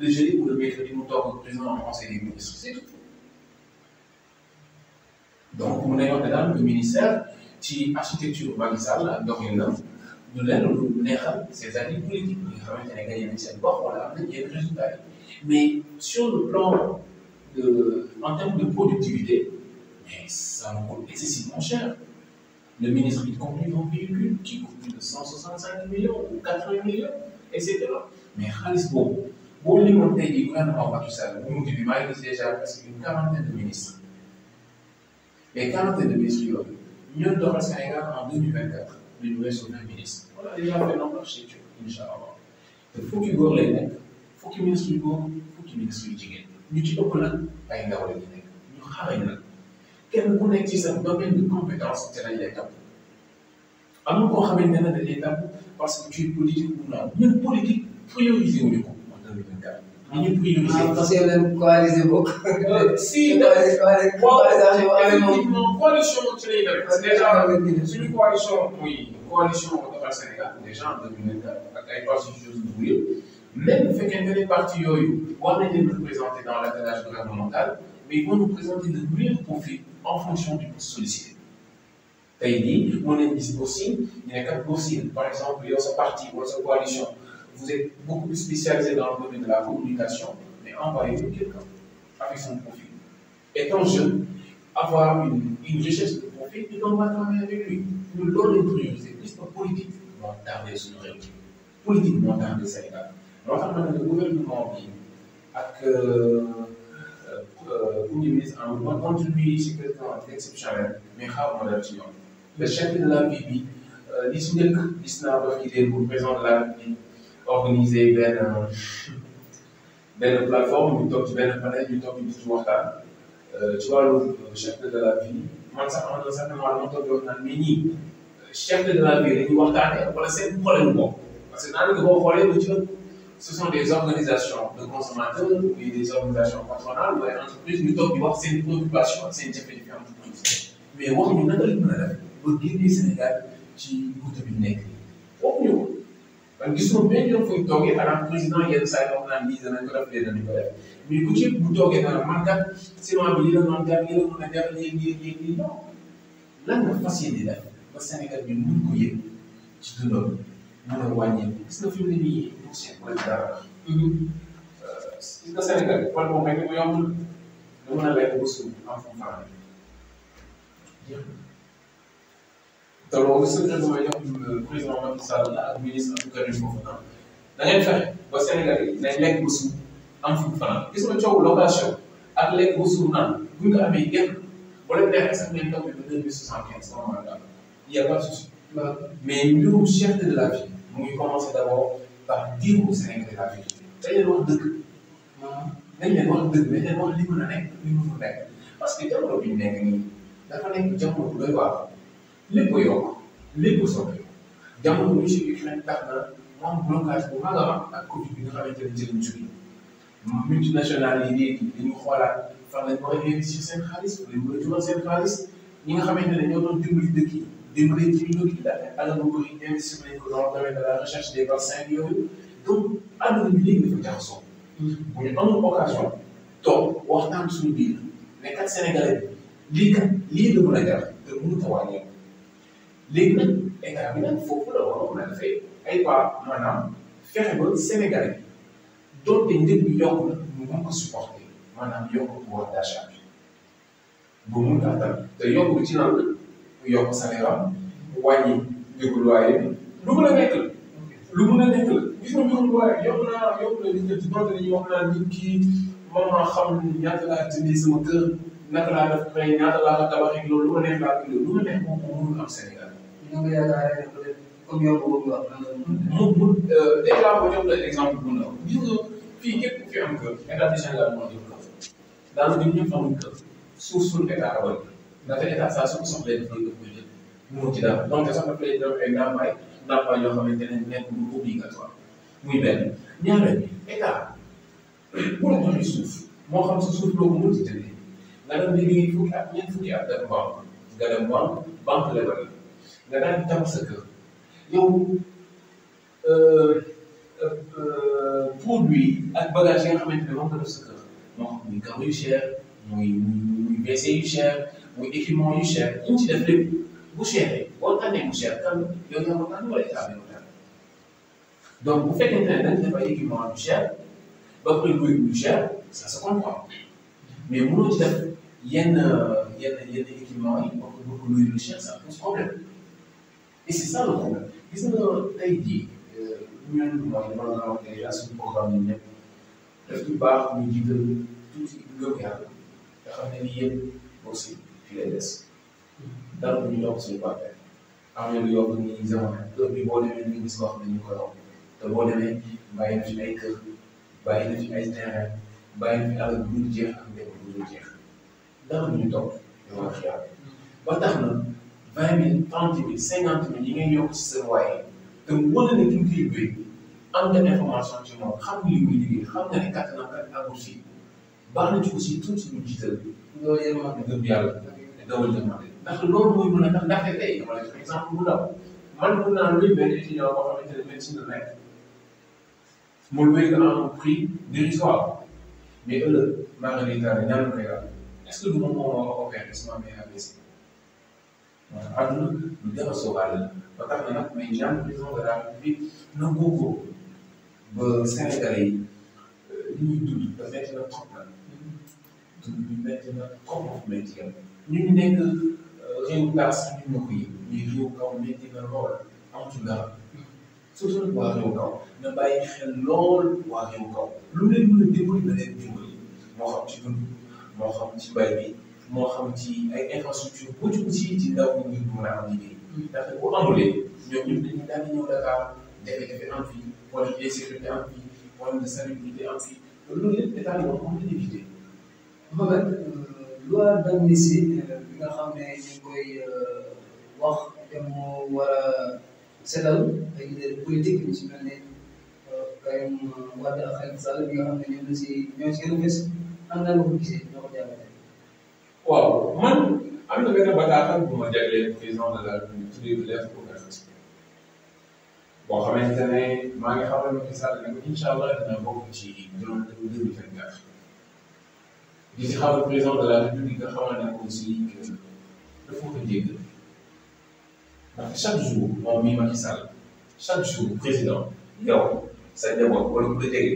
le jeudi ou le mercredi mu toog président du conseil des ministres c'est tout donc le ministère ci architecture Macky Sall ak doxalinam du lenn lu neexal ces années politiques yi nga xamante ne gagné nañ seen bopp wala am nañ yenn résultats yi mais sur le plan de productivité millions ou quatre millions et mais xaalis boo limoon tey jii gouvernement Macky Sall bu mujj bi maa ngi gis déjà presque une quarantaine de ministres mais quarantaine de ministres yooyu ñoom doxal Sénégal en deux mille vingt quatre ñu weesu vingt ministres. on a déjà fait nombre de structures incha allah te fukki góor lay nekk fukki ministres yu góor fukki ministres yu jigéen ñu ci ëpp nag ay ndaw la ñu nekk kenn ku nekk ci sa domaine de compétence te lañ lay tàmm am na koo xamante ne ñun ñu ngi. ah, ah, ah parce que même coalisé bokk. si da coalition ci lay def. déjà suñu coalition mooy coalition Defar Sénégal déjà en deux mille vingt ak ay parti yu yëpp même bu fekkee ne parti yooyu war nañ leen représenter dans la cadre gouvernemental mais ils vont nous présenter le meilleur profil en fonction du sollicité. tey jii mën nañu gis Bossine ñu nekk ak Bossine par exemple yow sa parti wala sa coalition. vous êtes beaucoup plus spécialisé dans le domaine de la communication, mais envoyez-nous quelqu'un avec jeune, avoir une, une de profil, nous on va travailler avec lui. Nous l'autre priorité, c'est plus pour politique, moo tardé suñu réew mi politique moo tardé Sénégal loo xam le gouvernement bi ak premier euh, euh, euh, ministre en tout cas contribué si président exceptionnel mais xaw ma dara ci ñoom le chef de la vie bi li si njëkk de la République organiser benn benn plateforme ñu toog ci benn panel ñu toog ci waxtaan euh, ci wàllu chef de la ville man sax man sax ne maa toog di waxtaan mais ñii euh, de la ville dañuy waxtaanee wala seen problème bopp parce que daanaka boo xoolee lu ci ëpp ce sont des organisations de consommateurs ou des organisations patronales ou ay entreprises ñu toog di wax seen préoccupation ak seen jafe-jafe entreprise mais waxuñu naka lañ mën a def ba génnee Sénégal ci guddi bi nekk waxuñu man gisuma benn yoon fuy toogee maanaam président yenn saa yi wax naan lii danañ ko def lii danañ ko def mais ku ci bu toogee dana man kat ciment bi lii la mën a lii la mën a jar lii lii lii lii non lan nga fas yéene def ba Sénégal bi mun ko yëg ci dundam mën a wàññeeku gis nga fi mu ne nii monsieur Mbodj dara. Mm-hmm. Euh, gis nga Sénégal wala moom rek mu yombul lu mën a lekk ba suuf am fu mu faral jeex na. te loolu secret mooy jox président Macky Sall la ak ministre Abdou Karim Fofana da ngeen fexe ba Sénégal yi nañ lekk ba suur am fu fanaan gis nga coow location ak lekk ba suur naan bu ñu ko amee yëpp ba leen neexee sax ngeen topp ba deux mille soixante quinze sama mandat y a pas souci mais mbirum cherté de la vie mu ngi commencé d' abord par dire au Sénégal de la vie dañ leen wax dëgg dañ leen wax dëgg dañ leen wax li mën a nekk li mën a nekk parce que jamono bi ñu nekk nii dafa nekk jamono bu doy waar lépp yokk lépp soppeeku jamono monsieur bi nag tax na mu am blocage bu mag a mag ak Covid bi nga xamante ne jëriñ suñu multinationales yi léegi xoolaat fan lañ war a investir seen xaalis wala ñu war a dugal seen xaalis ñi nga xamante ne ñoo doon dimbali dëkk yi dimbali ci dëkk yi daal alal bu bëri investir nañ ko dans le domaine de la recherche des vaccins yooyu donc àdduna bi léegi dafa jaxasoo. bu ñu amul occasion toog waxtaan suñu biir mais kat Sénégalais bi lii kat la mën a jar te a léegi nag état bi nag foofu la waroon a defee ay pas maanaam fexe ba Sénégal donte njëg bi yokk na ñu mën ko supporter maanaam yokk pouvoir d'achat bi ba mun kaa tam te yokk bi ci naan yokk salaire am wàññi njëgu loyer lu mun a nekk lu mun a nekk la gis maa xam ñaata laa jëndee sama kër naka laa def may ñaata laa ko tabaxee lu ma neex laa tuddee lu ma neex moom am Sénégal comme yow boobu wax. mu déjà ma jox la exemple bu ndaw gis nga fii képp ku fi am kër état du Sénégal moo jëm kër daanaka ñun ñëpp amul kër suuf suñu état rawal ndaxte état saa su ko soxlee dafa doon koy jël moo ci dara donc sax daf lay def ay ndàmpaay ndàmpaay yoo xamante ne nekkul obligatoire muy benn ñaareel état bu la joxee suuf moo xam sa suuf loo ko mën ci tëddee nga dem liggéey fukki at ñeent fukki at dem banque nga dem banque banque lebal nga daal di tabax sa kër yow produit ak bagage yi nga xamante ne moom nga def sa kër moo xam muy garo yu cher muy muy WC yu cher muy équipement yu cher ñu ci def lépp bu cher boo tànnee mu cher kan yow yaa ko tànn wala état bi ko tànn donc bu fekkente ne dañ def ay équipement yu cher ba pare muy yu cher ça se comprend mais mënoo ci def yenn yenn yenn équipement yi parce que beaucoup luy lu cher ça pose problème. et c'est ça le problème gis nga tey jii ñun mooy li ma la wax déjà suñu programme yi ñëpp daf ñu baax ñu jiital tuuti gëm yàlla nga xam ne nii yëpp aussi fii lay des dara ñu yokk suñu bàqee am na lu yokk ni jamono kër bi boo demee ñu gis wax ne ñu koy yokk te boo demee bàyyi na fi ay kër bàyyi na fi ay terrain bàyyi na fi alal bu dul jeex ak lépp bu dul jeex dara ñu toog ñu war a xiyaar ba tax na. vingt mille trente mille cinquante mille yi ngay yokk ci te wóor na ne ki nga koy béy am nga information ci moom xam nga li muy liggéey xam nga ne kattanam kat amul si baax na ci aussi tuuti lu jiital loolu yéen a ngi gëm yàlla dawal demandé ndax loolu mooy mën a tax ndaxte tey dama lay jox exemple bu man mën naa luy benn étudiant boo xamante ne médecine la nekk mu luy nga am prix dérisoire mais ëllëg maa ngi lay tardé ñaanu koy est ce que du ma moom moo ko opéré sama waaye lu jar a ba tax na nag mais ñaan président de la République na góogóo ba Sénégalais yi euh, li ñuy dund da métti na trop la dund bi nekk euh, réew place ñu ñoo ko yëg mais réew kaw métti na lool amatul dara surtout nag waa réew kaw na bàyyi xel lool waa réew lu leen mën a dimbali na leen dimbali moo xam ci dund moo xam ci mbay bi. moo xam ci ay infrastructure boo ci aussi ci ndaw ñi ñu mën a am liggéey. ndaxte bu amulee ñoom ñëpp dañuy daal di ñëw Dakar jafe-jafe am fii problème d'insécurité am fii problème de salubrité am fii loolu lépp état bi wax moom la évité. Mohamed euh, loi d'amnistie euh, bi nga xam ne ñu ngi koy euh, wax te mu war a setal ay leader politique yu si mel ne Karim Wade ak Khalifa Sall bi nga xam ne ñoo ngi si ñoo ngi si rëbës am naa la ko gisee ñoo ko jàppale. waaw man am na benn bataaxal bu ma jagleel président de la République tuddee lettre au caucus boo xamante ne maa ngi xamal Macky ne ko incha allah dina bokk ci juróom deux mille vingt quatre di si xamal président de la République nga xamal ne ko aussi dafa ko jéggal ndax chaque jour moom mii Macky Sall chaque jour président yow sa njaboot wala ku la jege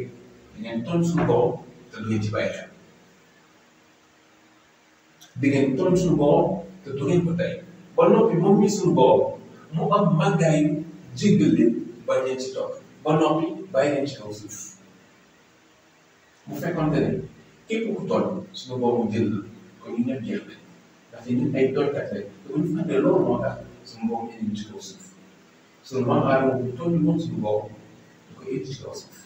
da ngeen toll suñu borom te du ngeen ci bàyyi xel di ngeen tooñ suñu borom te du ngeen ko tey ba noppi mu am màggaayu jéggal leen bañ leen ci topp ba noppi bàyyi leen ci kaw suuf bu fekkoon ne képp ku tooñ suñu borom jël la kon ñu ñëpp jeex nañ ay tooñkat lañ te bu ñu fàttee loolu moo tax suñu borom indi ci kaw suuf suñu maam Aadama bu tooñ moom suñu borom du ko indi ci kaw suuf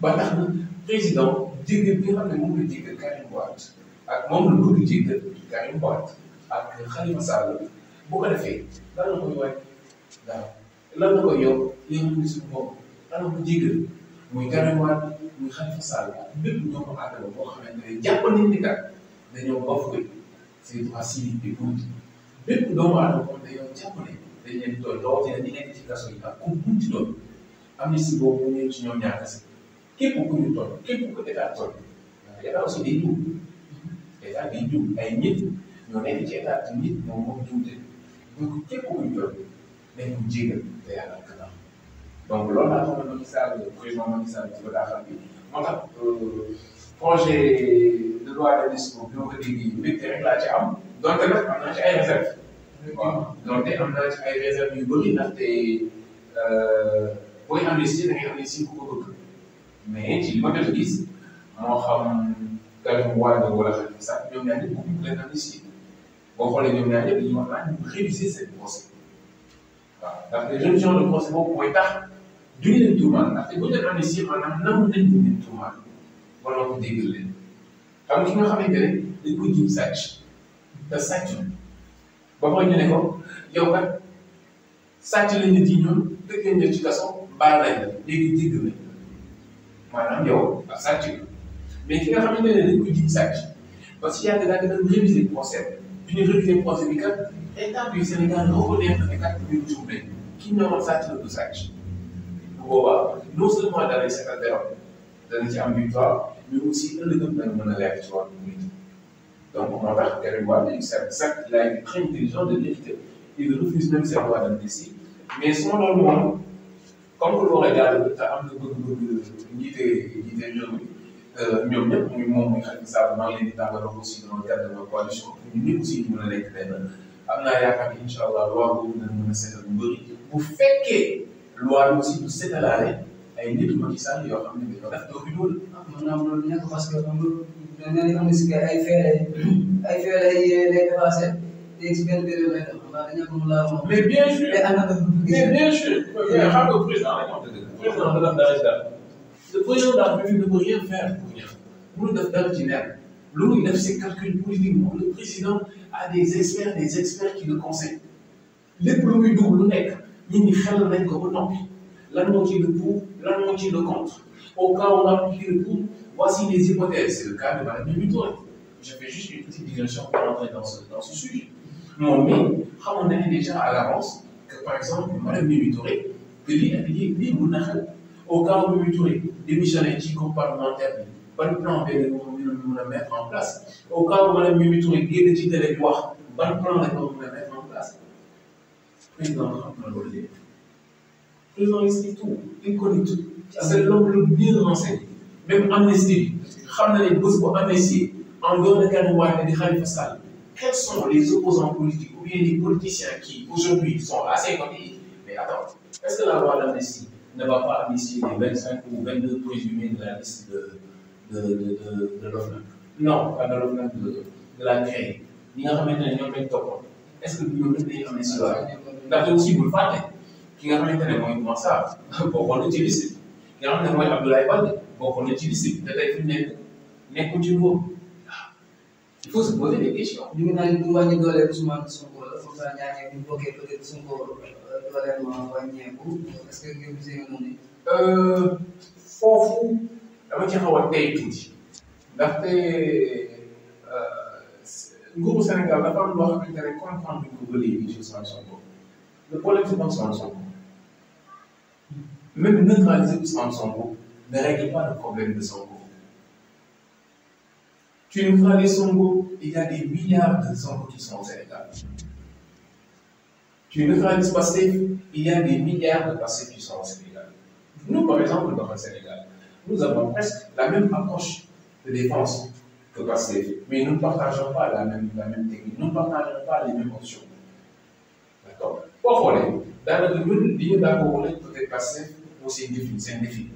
ba tax na président jéggal bi nga xam ne moom la ak moom lu bëgg ci kër Karim Wade ak Khalifa Sall bu ko defee lan la koy wàññi waaw lan la koy yokk yéen ñu suñu bopp lan la ko jiital muy Karim Wade muy Khalifa Sall ak bépp doomu aadama boo xamante ne jàpp nañ ni kat dañoo bafoué ces droits civiques et politiques bépp doomu aadama kon dañoo jàpp ne dañ leen tooñ rawatina ñi nekk ci kaso yi ak ku munti doon amnistie boobu ñëw ci ñoom ñaar kese képp ku ñu tooñ képp ku état tooñ waaye état aussi day tuub état bi jiw ay nit ñoo nekk ci état bi nit ñoom moom jiwte donc képp kuy jot nañ ko jégal te yàlla ak tax donc loolu laa xamal Macky Sall président Macky Sall ci bataaxal bi moo tax projet de loi de lis boobu ñoo ko déggee mbégte rek laa ci am donte nag am naa ci ay réserve waaw donte am naa ci ay réserve yu bëri ndaxte booy investir da ngay investir ku ko bëgg mais ci li ma jot a gis moo xam Karim Wade wala Khalifa Sall ñoom ñaar ñëpp ñu leen amnistie boo xoolee ñoom ñaar ñëpp dañuy wax naan ñu réviser seen procès waaw ndaxte révision de procès boobu mooy tax duñu leen tuumaal ndaxte bu ñu leen amnistie maanaam nangu nañ ñu leen tuumaal wala ko déggal leen xam nga ki nga xamante ne dañ ko jiw sàcc te sàccul ba pare ne ko yow kat sàcc lañ la ji ñoom dëkk lañ ci kaso baal lañ la léegi dégg nañ maanaam yow ak sàcc mais ki nga xamante ne dañ koy jiw sàcc parce que yàgg daa gën a réviser procès bi ñu réviser procès bi kat état bi Sénégal reconnaître ne kat bi ñu jumlee ki ñoomoon sàcc la du sàcc bu boobaa non seulement dana ci sa dara dana ci am victoire mais aussi ëllëgëm dana mën a leer ci wàllu mbir donc moo tax Karim Wade il sàcc il a été très intelligent de l'éviter il refuse même ses voies d'amnistie mais su ma loolu moom comme que loolu la te am na bëgg-bëgg njiite njiite réew mi Euh, ñoom ñëpp muy moom muy Khalifa Sall maa ngi leen di tàggatoo aussi ñoom jàppale coalition bi ñun ñëpp aussi ñu mën a nekk benn am naa yaakaar ni incha allah loi boobu dina mën a seetal lu bëri bu fekkee loi bi aussi du seetalaale ay nit Macky Sall yoo xam ne dafa def dootul woon. ah mën naa loolu ñàkk parce que xam nga dañ leen am ne si ay fee lay ay fee lay lay dépassé te si benn période lay def waaw dañoo amul laa moom. mais bien sûr mais bien sûr. xam nga président la ñu wax dëgg président dafa daan daal le président de la République ne peut rien faire pour rien mënul def dara ci le président a des experts des experts qui le conseillent lépp lu muy dugg lu nekk nit ñi le pour lan le contre au cas où on le pour voici les hypothèses c'est le cas de Mimi Touré je fais juste une petite digression pour rentrer dans ce sujet moom mi xamoon nañu déjà à l'avance que par exemple madame Mimi Touré que lii démissionné ci groupe parlementaire ban plan benn nga ko mën a en place au cas où madame Mimi Touré génn ci télé bi wax ban plan la ko mën a mettre en place président nga xam na loolu lépp président explique tout il tout c'est l'homme le bien renseigné même amnistie bi xam na ne bés bu amnistie en dehors de Karim Wade di Khalifa Sall sont les opposants politiques ou les politiciens qui aujourd'hui sont à ses côtés est-ce que la loi d'amnistie ne va pas apprécier les vingt cinq ou vingt deux présumés de de de de de de l'OFNAC non pas de de de la nga xamante ne ñoom lañ toppoon est que ñoom lañ lay amee si waay ndaxte aussi bul fàtte ki nga xamante ne mooy Moussa bokkoon na ci liste ki nga xam ne mooy Abdoulaye Wade bokkoon na ci liste te tey fi mu nekk nekkul ci nguur il faut se poser des questions. ñu ngi naan ñu wàññi doole Ousmane Sonko foog naa ñaareeg ñu bokkee peut être suñ ko dooleem wàññeeku est-ce que ngeen gisee noonu. foofu dama ci xaw a tey tuuti ndaxte nguuru Sénégal dafa am loo xamante ne comprendre ko ba léegi ci Ousmane Sonko le problème c'est Ousmane Sonko même neutraliser Ousmane Sonko ne règle pas le problème de Sonko. Tu neutralises Sonko, il y a des milliards de Sonko qui sont au Sénégal. Tu ne neutralises pas il y a des milliards de passifs qui sont Sénégal. Nous, par exemple, dans le Sénégal, nous avons presque la même approche de défense que PASTEF, mais nous ne partageons pas la même, technique, nous ne partageons pas les mêmes options. D'accord Pourquoi Dans le domaine du d'accord, peut-être PASTEF, c'est un défi.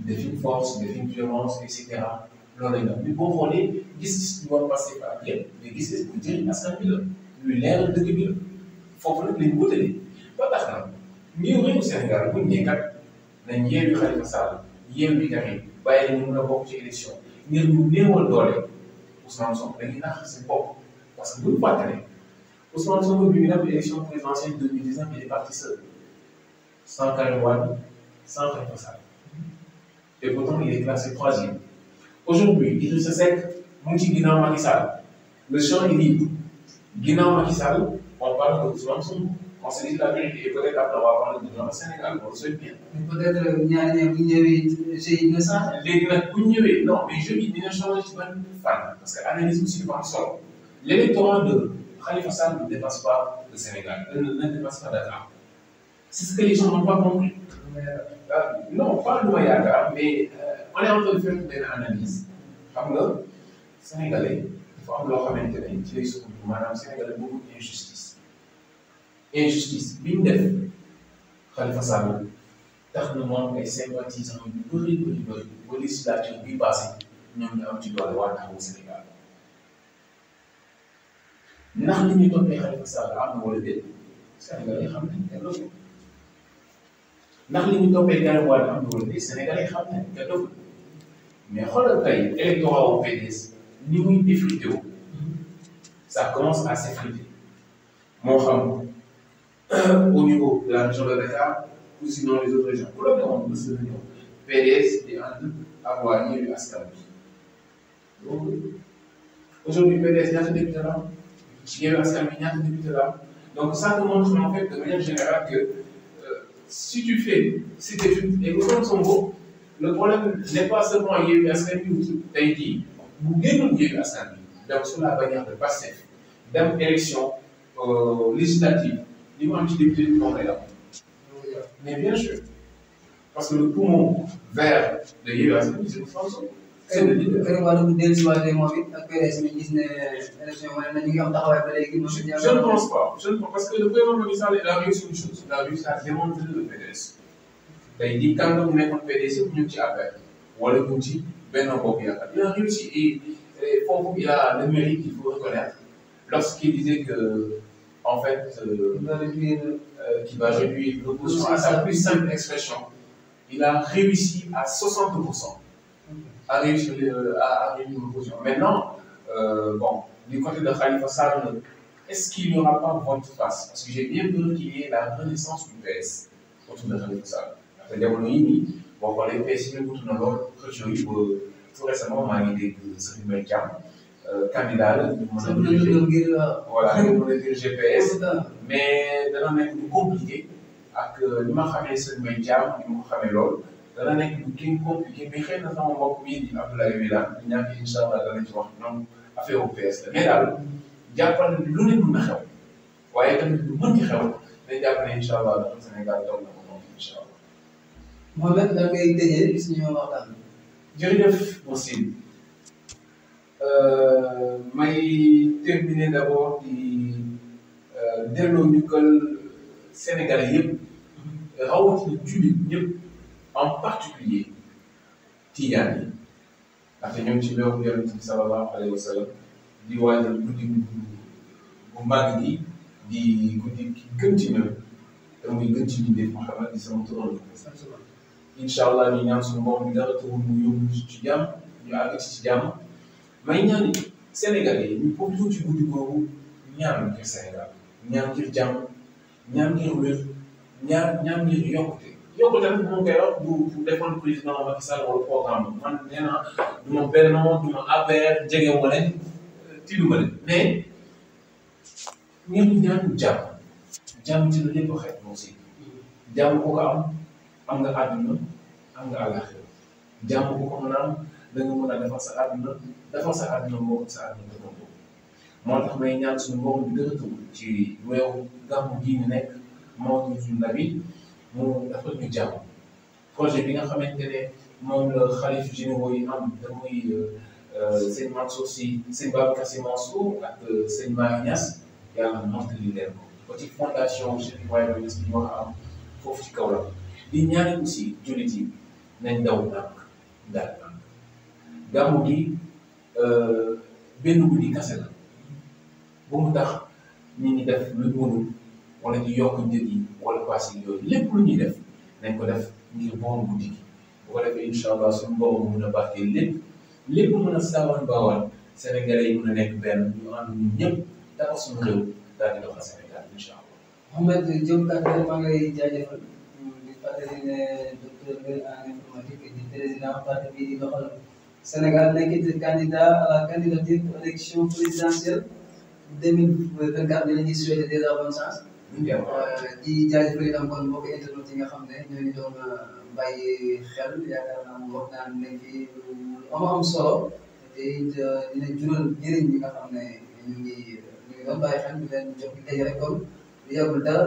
Défi de force, défi de violence, etc. Mais boo xoolee gis-gis ñu war PASTEF ak yéen foofu nag lañ wutale ba tax na ñëw réewu Sénégal buñ ne kat nañ yeewu Khalifa Sall yeewu bi tamit bàyyi la ñu mën a bokk ci élection ngir ñu néewal doole Ousmane Sonko dañuy nax seen bopp parce que buñ fàttali Ousmane Sonko bi ñu dem élection présidentielle 2019 il est parti seul sans Karim Wade sans Khalifa Sall et pourtant il est classé troisième aujourd'hui Idrissa Seck mu ngi ci ginnaaw Macky Sall le champ est libre ginnaaw Macky on parle de Johnson, on se dit la vérité, peut-être après avoir parlé de Johnson, Sénégal, on se bien. peut-être ñaareel euh, bu ñëwee j'ai une naissance. léegi nag non mais je dis dina changer ci ban parce que analyse bi suñu am solo l'électorat de Khalifa Sall ne dépasse pas Sénégal euh, ne dépasse pas Dakar c'est ce que les gens n'ont pas compris. Euh, non pas lu ma yaakaar mais on en train de faire benn analyse xam nga sénégalais dafa am loo xamante ne injustice bi ñu def Khalifa Sall tax na mu am ay sympathisants yu bëri bëri bëri ba législature bi passé ñoom ñu am ci doole waa taxawu Sénégal ndax li ñu toppee Khalifa Sall am na wala déet Sénégal yi xam nañ kenn doon ndax li ñu toppee Karim Wade am na wala déet Sénégal yi xam nañ kenn doon mais xoolal tey électorat wu PDS ni muy défrité wu ça commence à s'effriter moo xam. au niveau de la région de Dakar ou sinon les autres régions ku la newoon mës na ñëw PDS di ànd ak waa Yewwi Askan Wi donc aujourd'hui PDS ñaata député la am Yewwi Askan Wi ñaata député la donc ça nous en fait de manière générale que euh, si tu fais cette étude et que comme le problème n'est pas seulement Yewwi Askan Wi tey jii bu génnoon Yewwi la bannière de élection euh, législative. li mu am ci député moom lay am mais bien sûr parce que le poumon vert de Yewwi Askan Wi c'est Ousmane Sonko. seen i liggéey kër wàllu dellusiwaatee moom it ak PDS mi gis ne élection yi ñu ngi am taxawaay ba léegi monsieur Diakhoune. je ne pense pas je ne pense parce que le président Macky Sall il a réussi une chose il a réussi à démontrer le PDS. tey jii kan la mu nekkoon PDS yëpp ñu ngi ci affaire wala ñu ngi ci benn bopp yaakaar il a réussi et foofu il a le mérite qu'il faut reconnaître lorsqu'il disait que. en fait, euh, euh, qui va réduire l'opposition à sa plus simple expression, il a réussi à 60% à réussir, euh, Maintenant, euh, du côté de Khalifa est-ce qu'il n'y aura pas vote face Parce que j'ai bien peur qu'il y ait la renaissance du PS autour de Khalifa Sall. Après Diabolini, bon, on les PS, il y a beaucoup de gens qui ont euh, récemment, on a l'idée de Eh, candidat la. ñu mën a diriger voilà ñu mais dana nekk compliqué. ak eh, li ma xamee sëñ Mbaye Thiam ni ma xamee lool. dana nekk lu kii compliqué mais xëy na sama mbokk mii di Abdoulaye Wilane di ñàkk incha allah dana wax donc affaire wu PS la mais daal jàppal lu ne mën na xew. waaye tamit lu mën ci xew mais jàpp na incha allah dafa Sénégal toog na ko moom incha allah. Mohamed lan ngay tëjee suñu waxtaan. jërëjëf Moussine. Euh, may terminer d' abord di euh, delloo njukkal sénégalais yëpp rawatina jullit en particulier tijaan yi ndaxte ñoom ci weeru yonent bi sallallahu alayhi wa sallam di waajal guddi bu màgg gi di guddi ki gën ci ñoom te muy gën ci bindee Muhammad di sama turam incha allah ñu ñaan suñu borom bi dara tawul mu yóbbu ci jàmm ñu àgg ci ci jàmm may ñaan Sénégalais yi ñu profité ci ñaan ngir Sénégal ñaan ngir jàmm ñaan ngir yokkute yokkute nag moom koy wax du du defoon président Macky Sall wala man nee naa du ma Benno du ma APR jege ma leen tiidu mais ñaan jàmm jàmm ci la lépp xeet moom si jàmm ko ko am am nga àdduna am nga àllaaxira jàmm ko ko mën a am da nga dafa sa àdduna moo sa àdduna ko moo tax may ñaan suñu mbokk bi gën a tëgg ci weewu gàmmu gii ñu nekk Maodo Ndounda bi mu dafa ñu jàmm projet bi nga xamante ne moom la xalif généraux yi am te muy euh, sëñ Mansour Sy sëñ Babacar Sy Mansour ak euh, sëñ Mahi Niass yàlla mottali leen ko ba ci fondation Cheikh Ibrahima Niass bi ñu wax am foofu ci kaw la di ñaanal aussi jullit yi nañ daw nànk daal nànk gàmmu gi. Euh, benn bu kase la ba mu tax ñu ngi def lu mënul wala ñu yokk njëg wala paas lépp lu ñuy def nañ ko def ngir borom guddi gi bu ko defee incha allah suñu borom mën a baaxee lépp lépp mën a saawan baawaan Sénégalais yi mën nekk benn ñu ànd ñun ñëpp dafa suñu réew daal di doxal Sénégal incha allah. Mouhamed Diop Kandé maa ngi lay jaajëfal di fàttali ne docteur en informatique di président parti bi di doxal. Sénégal nekk candidat à la candidature pour l'élection présidentielle 2024 ñu ngi souhaité déjà bonne chance. Euh, di jaajëfal itam kon mbokk internet yi nga xam ne ñoo ngi doon euh, bàyyi xel yaakaar naa moom wax naa ne fii am am solo te it euh, dina jural njëriñ ñi nga xam ne ñu ngi ñu ngi doon bàyyi xel ñu leen jox ki tey rek kon lu yàggul dara.